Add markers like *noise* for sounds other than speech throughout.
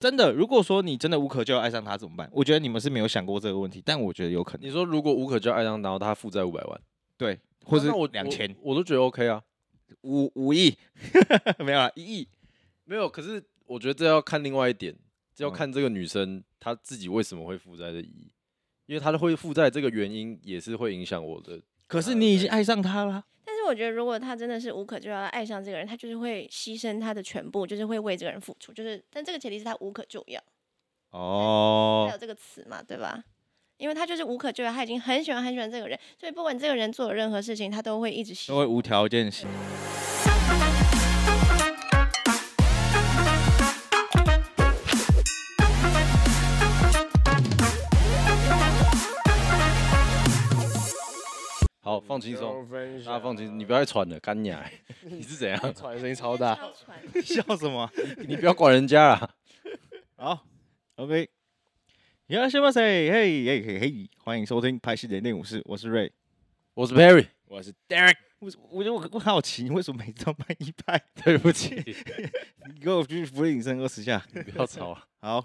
真的，如果說你真的無可救藥，愛上他怎麼辦？我覺得你們是沒有想過這個問題，但我覺得有可能。你說如果無可救藥，愛上他然後他負債五百萬，對，或者那我兩千，我都覺得 OK 啊，五五億沒有了，一億沒有。可是我覺得這要看另外一點，這要看這個女生她、嗯、自己為什麼會負債的一億，因為她的會負債這個原因也是會影響我的。可是你已經愛上他了。因為我覺得，如果他真的是無可救藥的愛上這個人，他就是會犧牲他的全部，就是會為這個人付出。就是，但這個前提是他無可救藥。哦、oh.，還有這個詞嘛，對吧？因為他就是無可救藥，他已經很喜歡很喜歡這個人，所以不管這個人做了任何事情，他都會一直都會無條件。 *music* 好，放輕鬆，啊，大家放輕鬆，你不要再喘了，幹你、欸！你是怎樣？ *laughs* 喘聲音超大，笑什麼？ *laughs* 你不要管人家啊。好 o、okay、k、hey, hey, hey, hey、歡迎收聽《拍戲的內務室》，我是 Ray，我是 Perry，我是 Derek。我覺得我很好奇，你為什麼每次都拍一拍？對不起， *laughs* 你給我去伏地挺身二十下。你不要吵、啊。 *laughs* 好，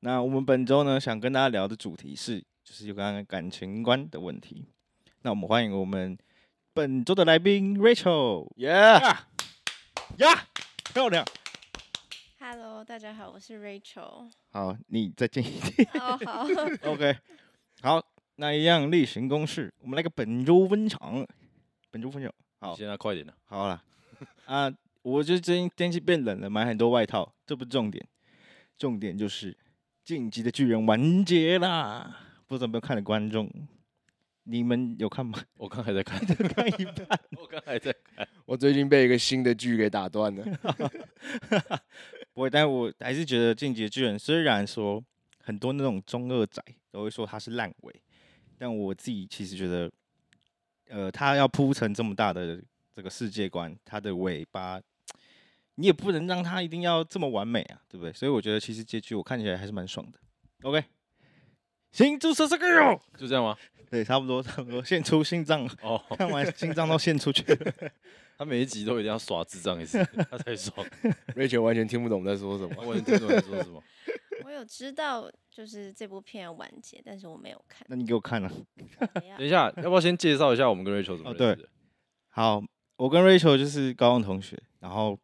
那我們本周呢，想跟大家聊的主題是，就是有關感情觀的問題。那我們歡迎我們本周的來賓 Rachel 耶耶漂亮。Hello，大家好，我是 Rachel。好，你再近一點。Oh, 好。OK，好，那一樣例行公事，我們來個本周溫場。本周溫場。好，現在快一點了。好了。啊、 *laughs* uh,，我覺得最近天氣變冷了，買很多外套，這不是重點。重點就是《進擊的巨人》完結了，不知道有沒有看的觀眾。你們有看嗎？我剛還在看，看一半。我剛還在看。 *laughs* 我最近被一個新的劇給打斷了。 *laughs* *laughs* 不會，但我還是覺得《進擊的巨人》雖然說很多那種中二仔都會說他是爛尾，但我自己其實覺得，呃，他要鋪成這麼大的這個世界觀，他的尾巴，你也不能讓他一定要這麼完美啊，對不對？所以我覺得其實結局我看起來還是蠻爽的。OK。請注射這個藥，就這樣嗎？對，差不多，差不多獻出心臟哦。Oh. 看完心臟都獻出去， *laughs* 他每一集都一定要耍智障一次，他才爽。瑞 *laughs* 秋完全聽不懂在說什麼， *laughs* 完全聽不懂我在說什麼。 *laughs* 我有知道，就是這部片要完結，但是我沒有看。那你給我看了，啊。 *laughs* 等一下，要不要先介紹一下我們跟瑞秋怎麼認識哦？對，好，我跟瑞秋就是高中同學，然後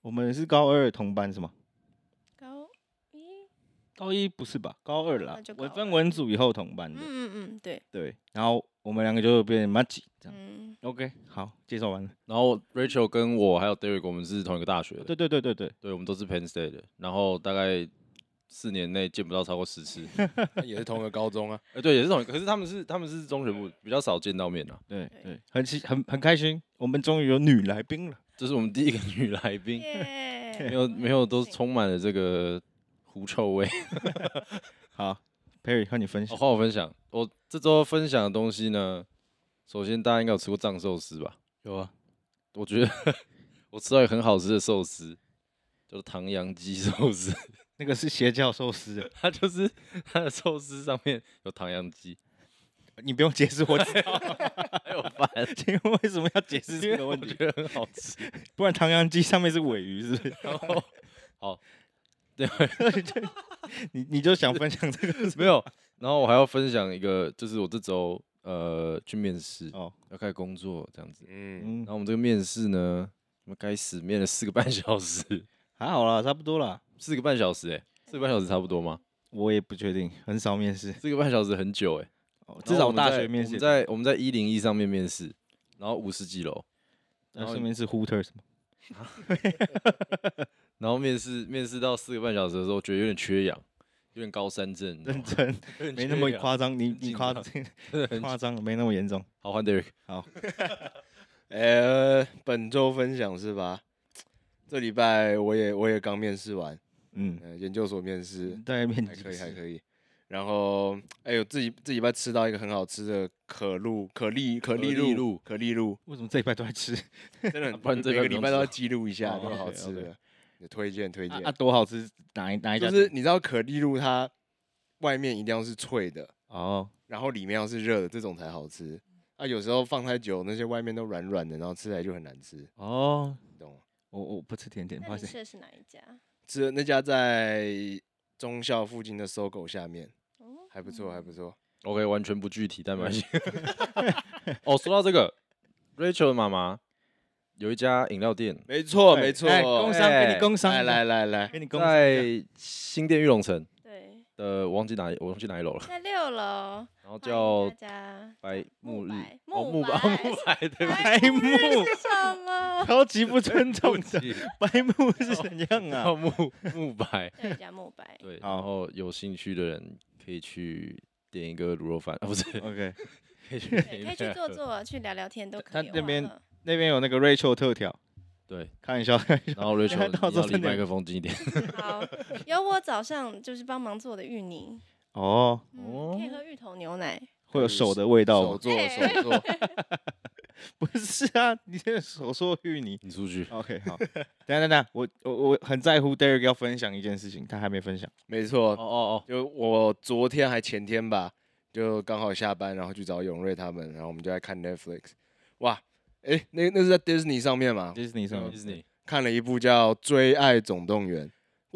我們是高二同班，是嗎？高一不是吧？高二啦，我分文組以後同班的。嗯嗯，嗯對對。然後我們兩個就變麻吉，這樣。嗯，OK，好，介紹完了。然後 Rachel 跟我還有 Derek，我們是同一個大學的。對對對對對，對。對，我們都是 Penn State 的。然後大概四年內見不到超過十次， *laughs* 也是同一個高中啊、 *laughs* 欸。對，也是同一個，可是他們是他們是中學部，比較少見到面啊。對對，對，很喜很很開心，我們終於有女來賓了，這、就是我們第一個女來賓、 *laughs* yeah。沒有沒有，都充滿了這個，狐臭味， *laughs* 好，佩瑞和你分享，和、哦、我分享，我這周分享的東西呢，首先大家應該有吃過藏壽司吧？有啊，我覺得我吃到一個很好吃的壽司，就是唐揚雞壽司， *laughs* 那個是邪教壽司的，它就是它的壽司上面有唐揚雞，你不用解釋，我知道， *laughs* 有煩辦，因 *laughs* 為為什麼要解釋？這個問題因為我覺得很好吃， *laughs* 不然唐揚雞上面是鮪魚，是不是？然後， *laughs* 好。對 *laughs* *laughs* 你你就想分享這個 *laughs* 沒有？然後我還要分享一個，就是我這周呃去面試，哦，要開始工作這樣子。嗯，然後我們這個面試呢，我們該死，面了四個半小時，還好啦，差不多啦，四個半小時、欸，哎，四個半小時差不多嗎？我也不確定，很少面試。四個半小時很久哎、欸，哦、至少我大學面試在我們在一零一上面面試，然後五十幾樓，那上面是 Hooters 嗎？ *laughs* *laughs* 然後面試面試到四個半小時的時候，覺得有點缺氧，有點高山症。認、哦、真，沒那麼誇張。嗯、你你誇張， *laughs* 誇張，誇張沒那麼嚴重。好，換 Derek。好、 *laughs* 欸。呃，本周分享是吧？這禮拜我也我也剛面試完，嗯，呃、研究所面試，大概面試還可以還可以，還可以。然後，哎、欸、呦，自己這禮拜吃到一個很好吃的可露可麗可麗露露可麗露。為什麼這禮拜都在吃？真的很，啊、不然這不每個禮拜都要記錄一下，多、啊、好吃的。哦 okay, okay 推薦推薦，啊多好吃！哪一哪一家？就是你知道可麗露，它外面一定要是脆的哦，然後裡面要是熱的，這種才好吃。啊，有時候放太久，那些外面都軟軟的，然後吃起來就很難吃哦。你懂嗎？我、哦、我、哦、不吃甜點。不好意思你吃的是哪一家？吃的那家在忠孝附近的 SOGO 下面、哦，還不錯，還不錯。OK，完全不具體，但蠻新。哦 *laughs* *laughs* *laughs* oh, 說到這個，Rachel 的媽媽。有一家飲料店，沒錯沒錯、欸，工商、欸、給你工商，來、欸、來來來，給你工商，在新店玉龍城的，對，呃，忘記哪，忘記哪一樓了，在六樓，然後叫白目白目白目白對吧？白目、哦喔、是什麼？超級不尊重的，白目是怎樣啊？目、喔、目、喔、白加目白對，然後有興趣的人可以去點一個滷肉飯、啊，不是，OK， *laughs* 可以去可以去坐坐， *laughs* 去聊聊天 *laughs* 都可以，他那邊。那邊有那個 Rachel 特調，對，看一下，看一下。然後 Rachel 你到這裡麥克風近一點。好，有我早上就是幫忙做的芋泥哦、嗯，可以喝芋頭牛奶。會有手的味道，手做，手做。 *laughs* 不是啊，你這手說芋泥。你出去，OK，好。等下，等下，我我我很在乎 Derek 要分享一件事情，他還沒分享。沒錯，哦哦哦，就我昨天還前天吧，就剛好下班，然後去找永瑞他們，然後我們就在看 Netflix，哇。哎，那那是在 Disney 上面嗎？Disney 上，Disney 看了一部叫《追愛總動員》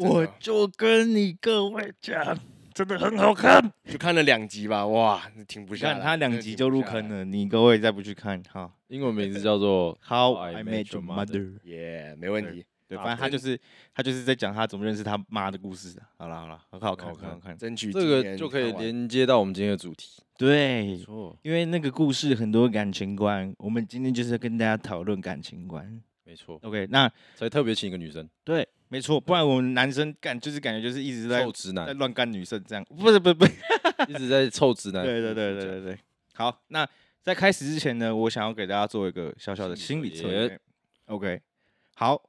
哦，我就跟你各位講，真的很好看， *laughs* 就看了兩集吧，哇，停不下來！看他兩集就入坑了，你各位再不去看哈。英文名字叫做《How I Met Your Mother》，yeah，沒問題。對，反正他就是他就是在講他怎麼認識他媽的故事啊。好了好了，很好看很好看，爭取這個就可以連接到我們今天的主題。對，沒錯，因為那個故事很多感情觀，我們今天就是要跟大家討論感情觀。沒錯，OK，那所以特別請一個女生。對，沒錯，不然我們男生感就是感覺就是一直在臭直男在亂幹女生這樣，不是不是不是， *laughs* 一直在臭直男。對對對對對對，好，那在開始之前呢，我想要給大家做一個小小的心理測試，欸。OK，好。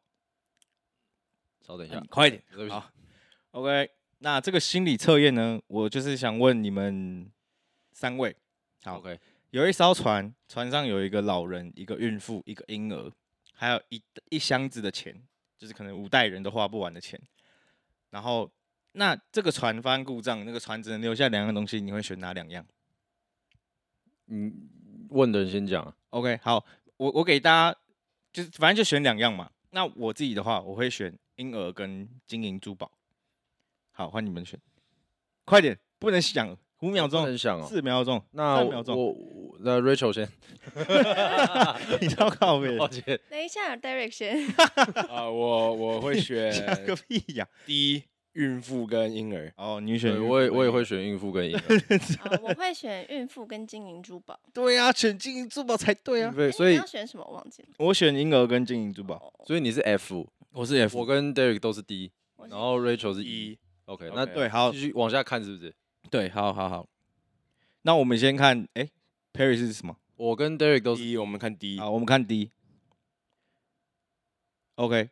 哦、等一下，啊、快一點。好，OK。那這個心理測驗呢，我就是想問你們三位。好，OK。有一艘船，船上有一個老人、一個孕婦、一個嬰兒，還有一一箱子的錢，就是可能五代人都花不完的錢。然後，那這個船翻故障，那個船只能留下兩樣東西，你會選哪兩樣？嗯，問的人先講。OK，好，我我給大家，就是反正就選兩樣嘛。那我自己的話，我會選嬰兒跟金銀珠寶。好，換你們選，快點，不能想五秒鐘，四、哦、秒鐘，那秒我，我，我那 Rachel 先， *laughs* *laughs* *laughs* 你先靠邊，抱歉。等一下 Derek 啊， *laughs* Derek 先 *laughs* uh, 我我會選 *laughs* 個屁呀、啊，第一。孕婦跟嬰兒哦，oh, 你選我也我也會選孕婦跟嬰兒。 *laughs* oh, 我會選孕婦跟金銀珠寶。對啊，選金銀珠寶才對啊。欸、所以你要選什麼？我忘記了。我選嬰兒跟金銀珠寶。Oh. 所以你是 F，我是 F，我跟 Derek 都是 D，然後 Rachel 是 E。OK，, okay, okay 那對，好，繼續往下看，是不是？對，好好好。那我們先看，誒，Perry 是什麼？我跟 Derek 都是 D,，E，我們看 D，好、啊，我們看 D。OK，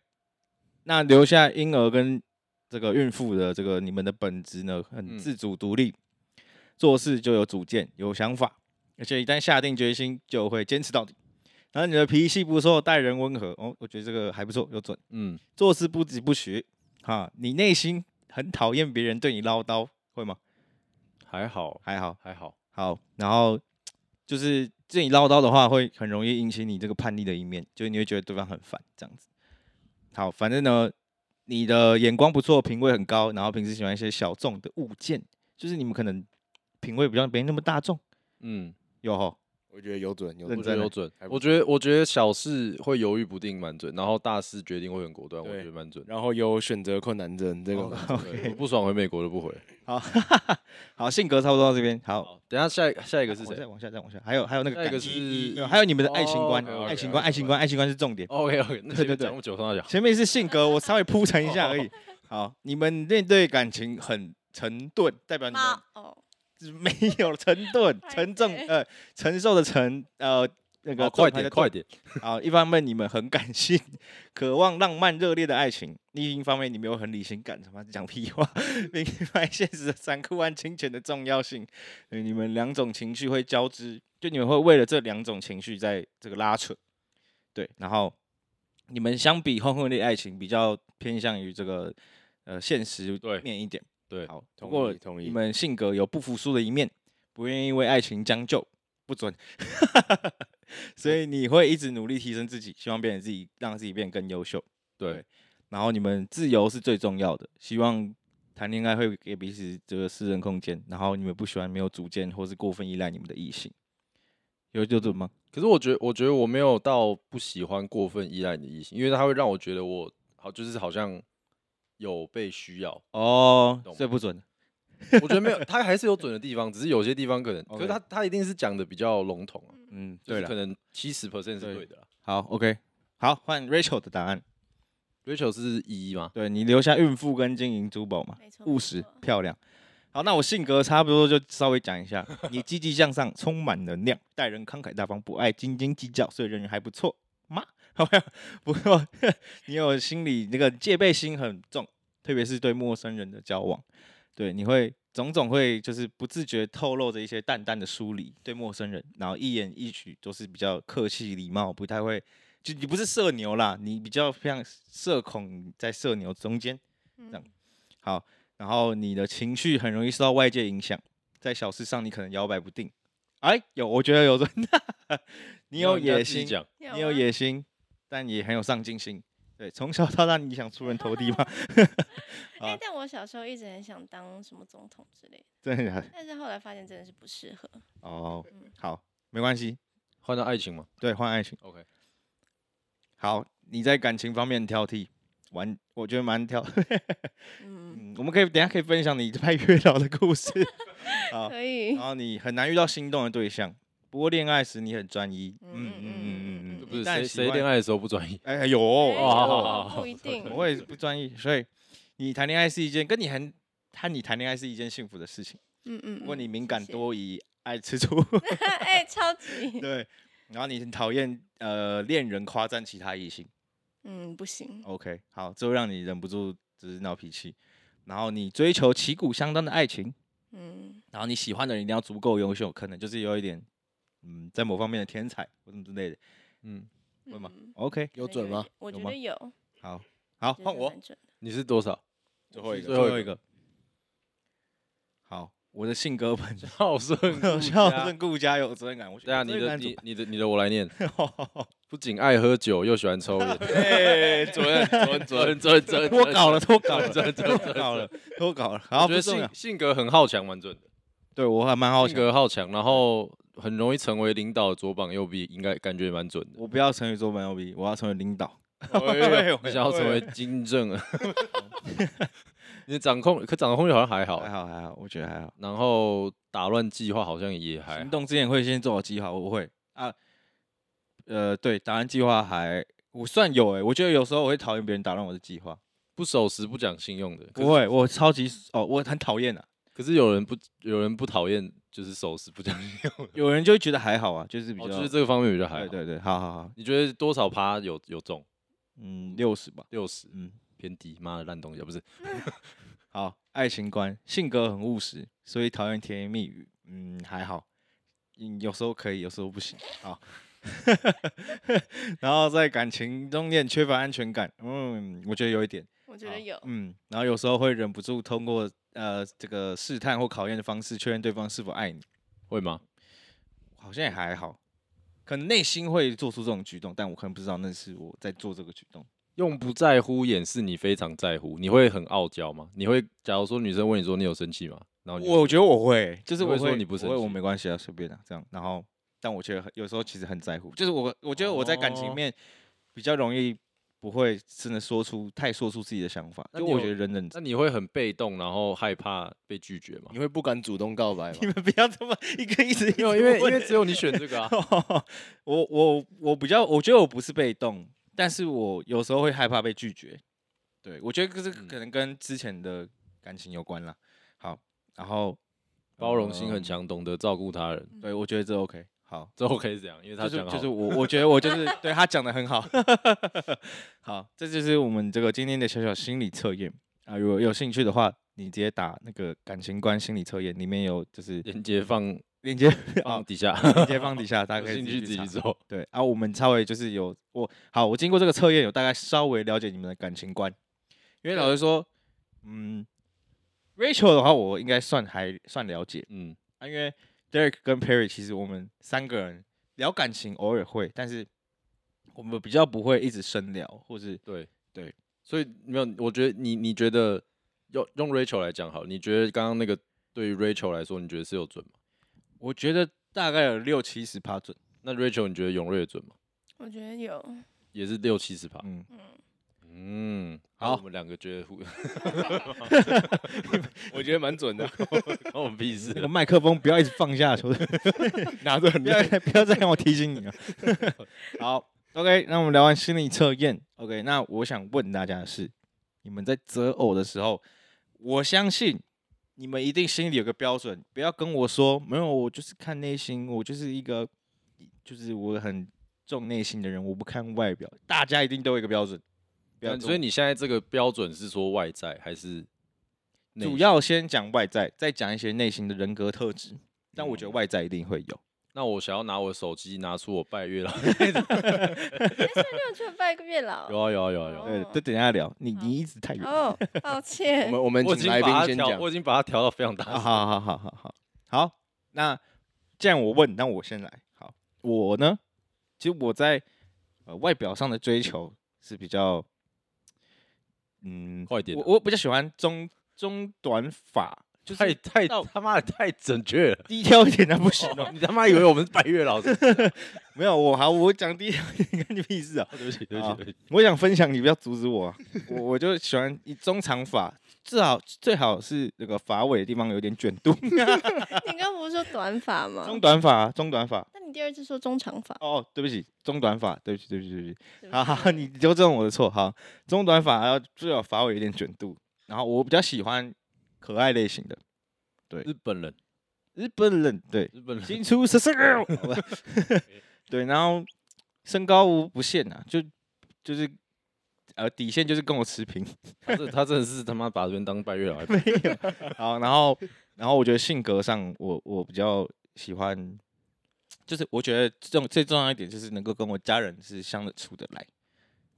那留下嬰兒跟。這個孕婦的這個，你們的本質呢，很自主獨立，嗯，做事就有主見有想法，而且一旦下定決心就會堅持到底。然後你的脾氣不錯，待人溫和哦，我覺得這個還不錯，又準。嗯，做事不疾不徐。哈，你內心很討厭別人對你嘮叨，會嗎？還好，還好，還好，好。然後就是對你嘮叨的話，會很容易引起你這個叛逆的一面，就是你會覺得對方很煩這樣子。好，反正呢。你的眼光不錯，品味很高，然後平時喜歡一些小眾的物件，就是你們可能品味比較不像別人那麼大眾，嗯，有我覺得有準，有準認真有準，準。我覺得我覺得小事會猶豫不定，蠻準；然後大事決定會很果斷，我覺得蠻準。然後有選擇困難症這個。Oh, okay. 我不爽回美國就不回。好，好，性格差不多到這邊。好，等一下下一個下一個是誰？啊、再往下再往下，還有還有那個。個是有還有你們的愛情觀，oh, okay, okay, 愛情觀 okay, okay, 愛情觀，愛情觀, okay, okay, 愛情觀愛情觀是重點。OK OK，對對對。前面是性格， *laughs* 我稍微鋪陳一下而已。Oh, 好， *laughs* 你們面對感情很沉頓，代表你們。Oh, oh. 沒有承頓、沉重、呃承受的承，呃那個快點快點。啊，一方面你們很感性，渴望浪漫熱烈的愛情；另一方面你們又很理性感，他媽講屁話。明白現實的殘酷和金錢的重要性，你們兩種情緒會交織，就你們會為了這兩種情緒在這個拉扯。對，然後你們相比轟轟烈愛情比較偏向於這個呃現實對面一點。對，好，通過同意你們性格有不服輸的一面，不願意為愛情將就，不準， *laughs* 所以你會一直努力提升自己，希望變得自己，讓自己變得更優秀對。對，然後你們自由是最重要的，希望談戀愛會給彼此這個私人空間。然後你們不喜歡沒有主見，或是過分依賴你們的異性，有這種嗎？可是我覺得，我覺得我沒有到不喜歡過分依賴你的異性，因為它會讓我覺得我好，就是好像。有被需要哦，oh, 這不準， *laughs* 我覺得沒有，他還是有準的地方，只是有些地方可能，okay. 可是他他一定是講的比較籠統、啊、嗯，對了，就是、可能七十 percent 是對的。好，OK，好，換 Rachel 的答案，Rachel 是一嗎？對，你留下孕婦跟金銀珠寶嘛，務實漂亮。好，那我性格差不多就稍微講一下， *laughs* 你積極向上，充滿能量，待人慷慨大方，不愛斤斤計較，所以人還不錯。好，不過你有心理那個戒備心很重，特別是對陌生人的交往，對，你會種種會就是不自覺透露着一些淡淡的疏離，對陌生人，然後一言一舉都是比較客氣禮貌，不太會就，你不是社牛啦，你比較像社恐在社牛中間、嗯、這樣、好，然後你的情緒很容易受到外界影響，在小事上你可能搖擺不定。哎，有，我覺得有。 *laughs* 你有野心，你，你有野心。但也很有上進心，對，從小到大你想出人頭地嗎？哎，但我小時候一直很想當什麼總統之類，的。但是後來發現真的是不適合。哦，嗯、好，沒關係，換到愛情嘛，對，換愛情。OK。好，你在感情方面挑剔，蠻，我覺得蠻挑。嗯， *laughs* 我們可以等一下可以分享你拜月老的故事。 *laughs* 好，可以。然後你很難遇到心動的對象，不過戀愛時你很專一。嗯嗯,嗯。但不是誰誰戀愛的時候不專一？哎、欸、有、哦欸不哦好好好不，不一定，我也不專一。所以你談戀愛是一件跟你很，和你談戀愛是一件幸福的事情。嗯嗯，嗯。如果你敏感多疑、愛吃醋，哎、 *laughs* 欸，超級。對。然後你很討厭呃戀人誇讚其他異性。嗯，不行。OK，好，這會讓你忍不住就是鬧脾氣。然後你追求旗鼓相當的愛情。嗯。然後你喜歡的人一定要足夠優秀，可能就是有一點嗯在某方面的天才或什麼之類的。嗯，會嗎、嗯、？OK，有準嗎？我覺得有。有好，好，換我。你是多少？最後一個，最後一個。好，我的性格穩是很，順，孝順，顧家有責任感。我，我，我，我，我，我對啊，你的，你的，你的，你的，我來念。 *laughs* 不僅愛喝酒，又喜歡抽菸。哎，準準，準，準，準，脫稿了，脫稿了，準，準，脫稿了，脫稿了。好，我覺得性格像像性格很好強，蠻準的。對，我還蠻好，性格好強，然後。很容易成為領導左膀右臂，應該感覺蠻準的。我不要成為左膀右臂，我要成為領導。我 *laughs* *laughs* *laughs* 想要成為金正。 *laughs* *laughs* 你的掌控，可掌控力好像還好，還好，還好，我覺得還好。然後打亂計劃好像也還。行動之前會先做好計劃，我不會啊。呃，對，打亂計劃還我算有哎、欸，我覺得有時候我會討厭別人打亂我的計劃，不守時、不講信用的。不會，我超級哦，我很討厭啊。可是有人不，有人不討厭。就是手勢不講究，有人就會覺得還好啊，就是比較、哦、就是這個方面比較還好。對對對，好好好，你覺得多少趴有有中？嗯，六十吧，六十，嗯，嗯 60, 偏低。媽的爛東西，不是、嗯。 *laughs* 好，愛情觀，性格很務實，所以討厭甜言蜜語。嗯，還好，嗯，有時候可以，有時候不行。好。 *laughs* 然後在感情中間缺乏安全感，嗯，我覺得有一點，我覺得有，嗯，然後有時候會忍不住通過呃這個試探或考驗的方式確認對方是否愛你，會嗎？好像也還好，可能內心會做出這種舉動，但我可能不知道那是我在做這個舉動，用不在乎掩飾你非常在乎，你會很傲嬌嗎？你會，假如說女生問你說，你有生氣嗎？然後我覺得我會，就是我會，會說，你不生氣，我沒關係啊，隨便啊，這樣，然後。但我覺得很有時候其實很在乎，就是我我覺得我在感情面比較容易不會真的說出太說出自己的想法，就我覺得人，人。那你會很被動，然後害怕被拒絕嗎？你會不敢主動告白嗎？你們不要這麼一個一直一個。 *laughs* 因為因為 *laughs* 因為只有你選這個啊！ *laughs* 我我我比較我覺得我不是被動，但是我有時候會害怕被拒絕。對，我覺得這個可能跟之前的感情有關了、嗯。好，然後包容心很強，懂得照顧他人，嗯、對我覺得這 OK。好，最後我可以怎樣，因為他講、就是、就是我，我覺得我就是 *laughs* 對他講的很好。 *laughs* 好，這就是我們這個今天的小小心理測驗啊，如果有興趣的話，你直接打那個感情觀心理測驗，裡面有就是鏈接放鏈接、啊啊、接放底下，鏈接放底下，大家有興趣自己做。對啊，我們稍微就是有我好，我經過這個測驗，有大概稍微了解你們的感情觀，因為老實說，嗯，Rachel 的話，我應該算還算了解，嗯，啊，因為。Derek 跟 Perry 其實我們三個人聊感情偶爾會，但是我們比較不會一直深聊，或是對對，所以沒有。我覺得你你覺得用用 Rachel 來講好，你覺得剛剛那個對於 Rachel 來說，你覺得是有準嗎？我覺得大概有六七十趴準。那 Rachel 你覺得永瑞準嗎？我覺得有，也是六七十趴。嗯。嗯，好，我們兩個覺得，好 *laughs* 我覺得蠻準的，關我屁事、那個、麥克風不要一直放下，球 *laughs* 拿着，不要不要再讓我提醒你了。 *laughs* 好，OK，那我們聊完心理測驗，OK，那我想問大家的是，你們在擇偶的時候，我相信你們一定心裡有個標準，不要跟我說沒有，我就是看內心，我就是一個，就是我很重內心的人，我不看外表。大家一定都有一個標準。所以你現在這個標準是說外在還是內在？主要先講外在，再講一些內心的人格特質、嗯。但我覺得外在一定會有。嗯、那我想要拿我手機拿出我拜月老的那種。 *laughs* *laughs* 你有去拜過月老了？有啊有啊有啊有。Oh. 對，對等下聊。你、oh. 你一直太遠。Oh. *laughs* 抱歉。我們我們請來賓先講。我已經把它調到非常大。好好好好好好。那既然我問，那我先來。好，我呢，其實我在、呃、外表上的追求是比較。嗯，快一點！我我比較喜歡中中短髮。太太他媽的太準確了，低調一點那不行、喔、哦！你他媽以為我們是白月老師？ *laughs* *laughs* 沒有，我好我講低調一點，關你屁事啊、哦！對不起對不起對不起，我想分享，你不要阻止我、啊。我 *laughs* 我就喜歡中長髮，最好最好是那個髮尾的地方有點卷度。 *laughs* *laughs* 你剛不是說短髮嗎？中短髮，中短髮。 *laughs* 那你第二次說中長髮？哦，對不起，中短髮，對不起對不起對不起，對不起。好，好，你就糾正我的錯。好，中短髮要、啊、最好髮尾有點卷度，然後我比較喜歡。可愛類型的，對日本人，日本人對日本人，新出十四個， *laughs* *laughs* 對，然後身高無不限啊，就就是呃底線就是跟我持平，他、啊、這他真的是他媽把人當拜月老 *laughs* 沒有，沒 *laughs* 好，然後然後我覺得性格上我我比較喜歡，就是我覺得重最重要一點就是能夠跟我家人是相處得來。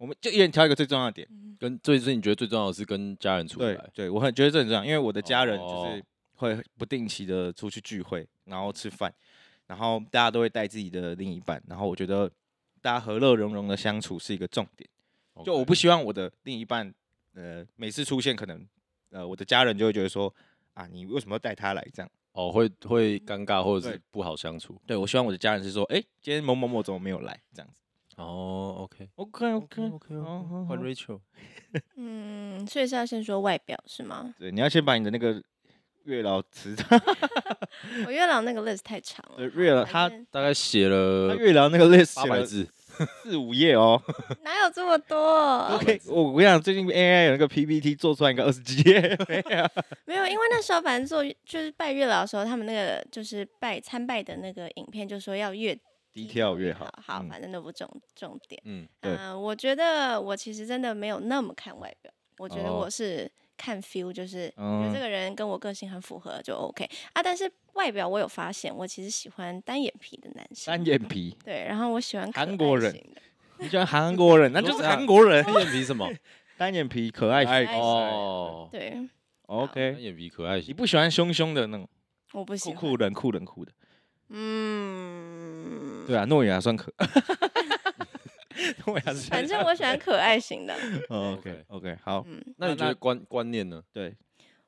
我們就一人挑一個最重要的點，嗯、跟最最你覺得最重要的，是跟家人出來。對，對我很覺得這很重要，因為我的家人就是會不定期的出去聚會，然後吃飯，然後大家都會帶自己的另一半，然後我覺得大家和樂融融的相處是一個重點。Okay. 就我不希望我的另一半，呃，每次出現可能，呃，我的家人就會覺得說，啊，你為什麼要帶他來這樣？哦，會會尷尬或者是不好相處。對。對，我希望我的家人是說，哎、欸，今天某某某怎麼沒有來，這樣子。哦，OK，OK，OK，OK，換 Rachel。嗯，所以是要先說外表是嗎？對，你要先把你的那個月老詞。 *laughs* *laughs* 我月老那個 list 太長了。對，月老他大概寫了、嗯、月老那個 list 八百字，四五頁哦。 *laughs* 哪有這麼多？OK，我我想最近 AI 有那個 PPT 做出來一個二十幾頁，沒有。 *laughs* *laughs* 沒有，因為那時候反正做就是拜月老的時候，他們那個就是拜參拜的那個影片，就說要月。低調越好，越好、嗯，好，反正都不重重點。嗯、呃，我覺得我其實真的沒有那麼看外表，我覺得我是看 feel，就是、哦、這個人跟我個性很符合就 OK、嗯、啊。但是外表我有發現，我其實喜歡單眼皮的男生。單眼皮，對，然後我喜歡韓國人。你喜歡韓國人， *laughs* 那就是韓國人。單眼皮什麼？ *laughs* 單眼皮可愛型 *laughs* 哦，對，OK，單眼皮可愛型。你不喜歡兇兇的那種酷酷人酷人酷的，我不喜歡酷冷酷冷酷的，嗯。對啊，諾亞還算可， *laughs* *laughs* 反正我喜歡可愛型的。 *laughs* oh, OK OK，好。嗯，那你覺得觀觀念呢？對，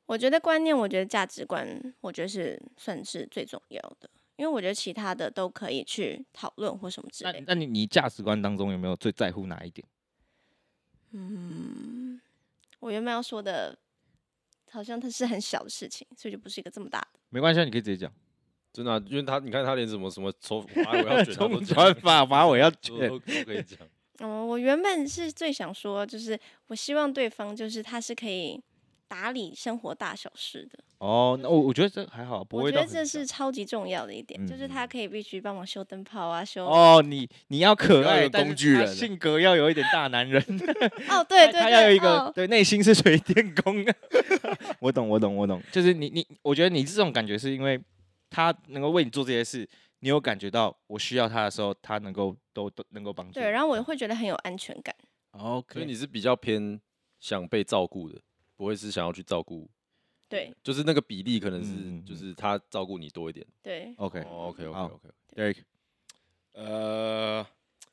我覺得觀念，我覺得價值觀，我覺得是算是最重要的，因為我覺得其他的都可以去討論或什麼之類那。那你你價值觀當中有沒有最在乎哪一點？嗯，我原本要說的，好像它是很小的事情，所以就不是一個這麼大的。沒關係，你可以直接講。真的、啊，因為他你看他連什麼什麼馬尾要卷，頭髮馬尾要卷 *laughs* 都、都、都可以講。哦，我原本是最想說，就是我希望對方就是他是可以打理生活大小事的。哦，那我我覺得這還好不，我覺得這是超級重要的一點，嗯、就是他可以必須幫忙修燈泡啊，修哦，你你要可愛的工具人，性格要有一點大男人。 *laughs* 哦，對、對對，他要有一個、哦、對內心是水電工。的。 *laughs* 我懂，我懂，我懂，就是你你，我覺得你這種感覺是因為。他能夠為你做這些事，你有感覺到我需要他的時候，他能夠都都能夠幫助你。對，然後我會覺得很有安全感。哦，okay，所以你是比較偏想被照顧的，不會是想要去照顧。對，就是那個比例可能是，嗯，就是他照顧你多一點。對，OK，OK，OK，OK，Eric，呃，okay. Oh, okay, okay, okay. Derek, uh,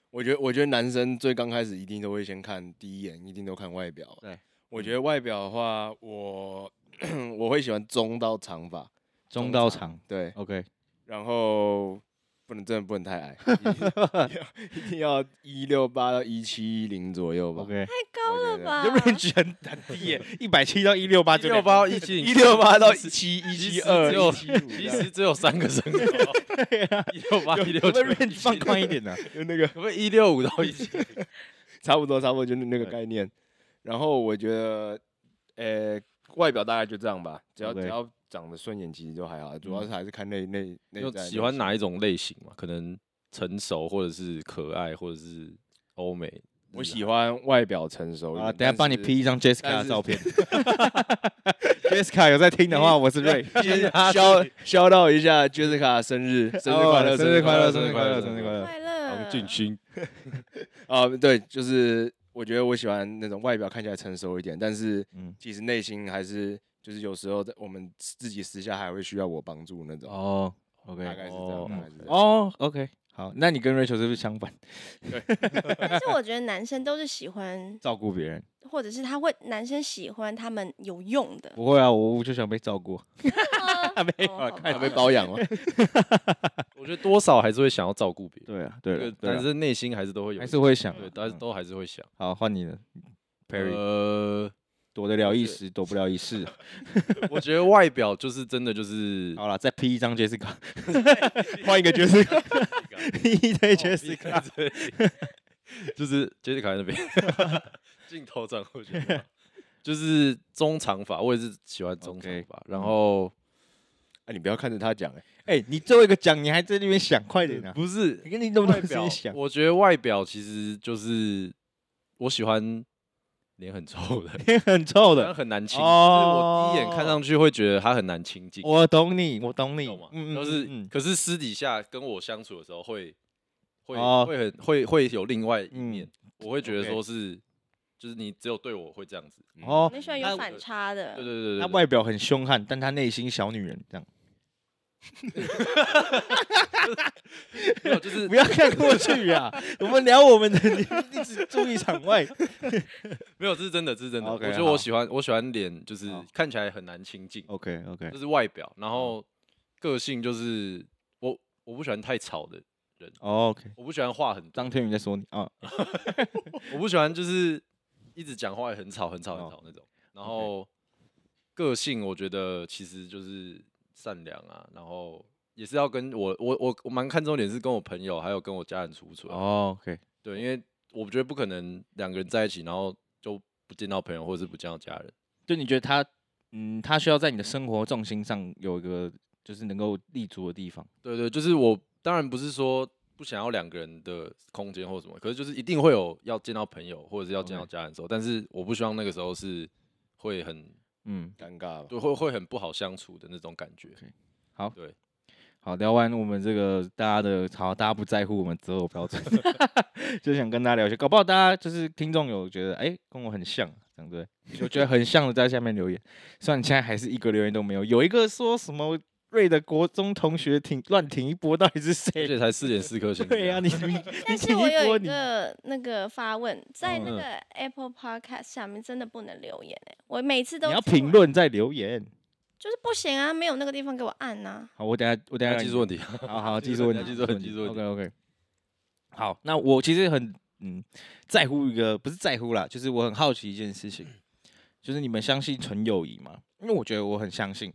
我覺得我覺得男生最剛開始一定都會先看第一眼，一定都看外表。對，我覺得外表的話，我 *coughs* 我會喜歡中到長髮。中高長對，OK，然後不能真的不能太矮，一定, *laughs* 一定要一六八到一七零左右吧，OK, okay。太高了吧，這 range 很很低耶，一百七到一六八，一六八到一七一六八到一七一七二一七五，其 *laughs* 實只有三個身高，一六八，你的 range 放寬一點吶、啊，就 *laughs* 那個，有有 *laughs* 不一六五到一七，差不多差不多就是那個概念。然後我覺得，呃、欸，外表大概就這樣吧，只要、okay. 只要。長得順眼其實就還好，主要是還是看那那那喜歡哪一種類型嘛，可能成熟，或者是可愛，或者是歐美。我喜歡外表成熟。啊，等下幫你 P 一張 Jessica 的照片。 *laughs* *laughs* Jessica 有在聽的話，我是 Ray，消消 *laughs* 他 *laughs* 到一下 Jessica 的生日， *laughs* 生日，生日快樂，生日快樂，生日快樂，生日快樂，快樂。俊勳， *laughs* 啊，對，就是我覺得我喜歡那種外表看起來成熟一點，但是、嗯、其實內心還是。就是有時候在我們自己私下還會需要我幫助那種哦，OK，大概是這樣子哦、oh, okay. Oh,，OK，好，那你跟 Rachel 是不是相反？對 *laughs* 但是我覺得男生都是喜歡照顧別人，或者是他會男生喜歡他們有用的。不會啊，我就想被照顧， *laughs* *laughs* 沒辦、oh, 啊、看有沒有包養 *laughs* *laughs* 我覺得多少還是會想要照顧別人，對啊，對，但是內心還是都會有會，還是會想對，但是都還是會想。嗯、好，換你了，Perry。Uh... 躲得了一時，躲不了一世。啊、我覺得外表就是真的就是。好了，再 P 一張傑斯卡，換 *laughs* 一個傑斯卡，一堆傑斯卡，就是杰斯卡在那邊。鏡 *laughs* 頭轉過去， *laughs* 就是中長髮，我也是喜歡中長髮、okay, 嗯。然後，哎、欸，你不要看着他講、欸，哎、欸、哎，你最後一個講，你還在那邊想，快點啊！不是，你你想？我覺得外表其實就是我喜歡。臉很臭的， *laughs* 臉很臭的，很難親近、oh。哦，我第一眼看上去會覺得他很難親近、oh。我懂你，我懂你。嗯嗯，都是。可是私底下跟我相處的時候，會會會很會會有另外一面、oh。我會覺得說，是就是你只有對我會這樣子、oh。哦、嗯嗯 oh，你喜歡有反差的。對對對對，對，他外表很凶悍，但他內心小女人這樣。 *laughs* *laughs* 沒有，就是不要看過去啊。 *laughs* 我們聊我們的，你只注意場外。 *laughs* 沒有，這是真的，這是真的。Okay, 我覺得我喜歡，我喜歡臉，就是看起來很難親近。OK，OK、okay, okay. 就是外表。然後個性就是我，我不喜歡太吵的人。Oh, okay. 我不喜歡話很長，天宇在說你啊。Oh. *laughs* 我不喜歡就是一直講話很吵、很吵、很吵那種。Oh. 然後個性，我覺得其實就是。善良啊，然後也是要跟我，我我我蠻看重點的是跟我朋友還有跟我家人處處。哦、oh, okay. 對，因為我覺得不可能兩個人在一起，然後就不見到朋友或者是不見到家人。對，你覺得他，嗯，他需要在你的生活重心上有一個就是能夠立足的地方。對對，就是我當然不是說不想要兩個人的空間或什麼，可是就是一定會有要見到朋友或者是要見到家人的時候，okay. 但是我不希望那個時候是會很。嗯，尷尬了，就會會很不好相處的那種感覺。嗯、好，對，好，聊完我們這個大家的，好，大家不在乎我們擇偶標準， *laughs* *laughs* 就想跟大家聊一下，搞不好，大家就是聽眾有覺得，哎、欸，跟我很像，這樣對，就覺得很像的在下面留言。 *laughs* 雖然你現在還是一個留言都沒有，有一個說什麼？瑞的國中同學挺亂停一波，到底是誰？而且才四點四顆星。對呀、啊，你 *laughs* 你，你，你一波，但是我有一個那個發問在那個 Apple Podcast 下面真的不能留言、欸、我每次都在你要評論再留言，就是不行啊，沒有那個地方給我按吶、啊。好，我等一下我等一下記住問題， *laughs* 好好，好記，住記，記住問題，記住問題記住問題 OK OK。好，那我其實很嗯在乎一個不是在乎啦，就是我很好奇一件事情，嗯、就是你們相信純友誼嗎？因為我覺得我很相信。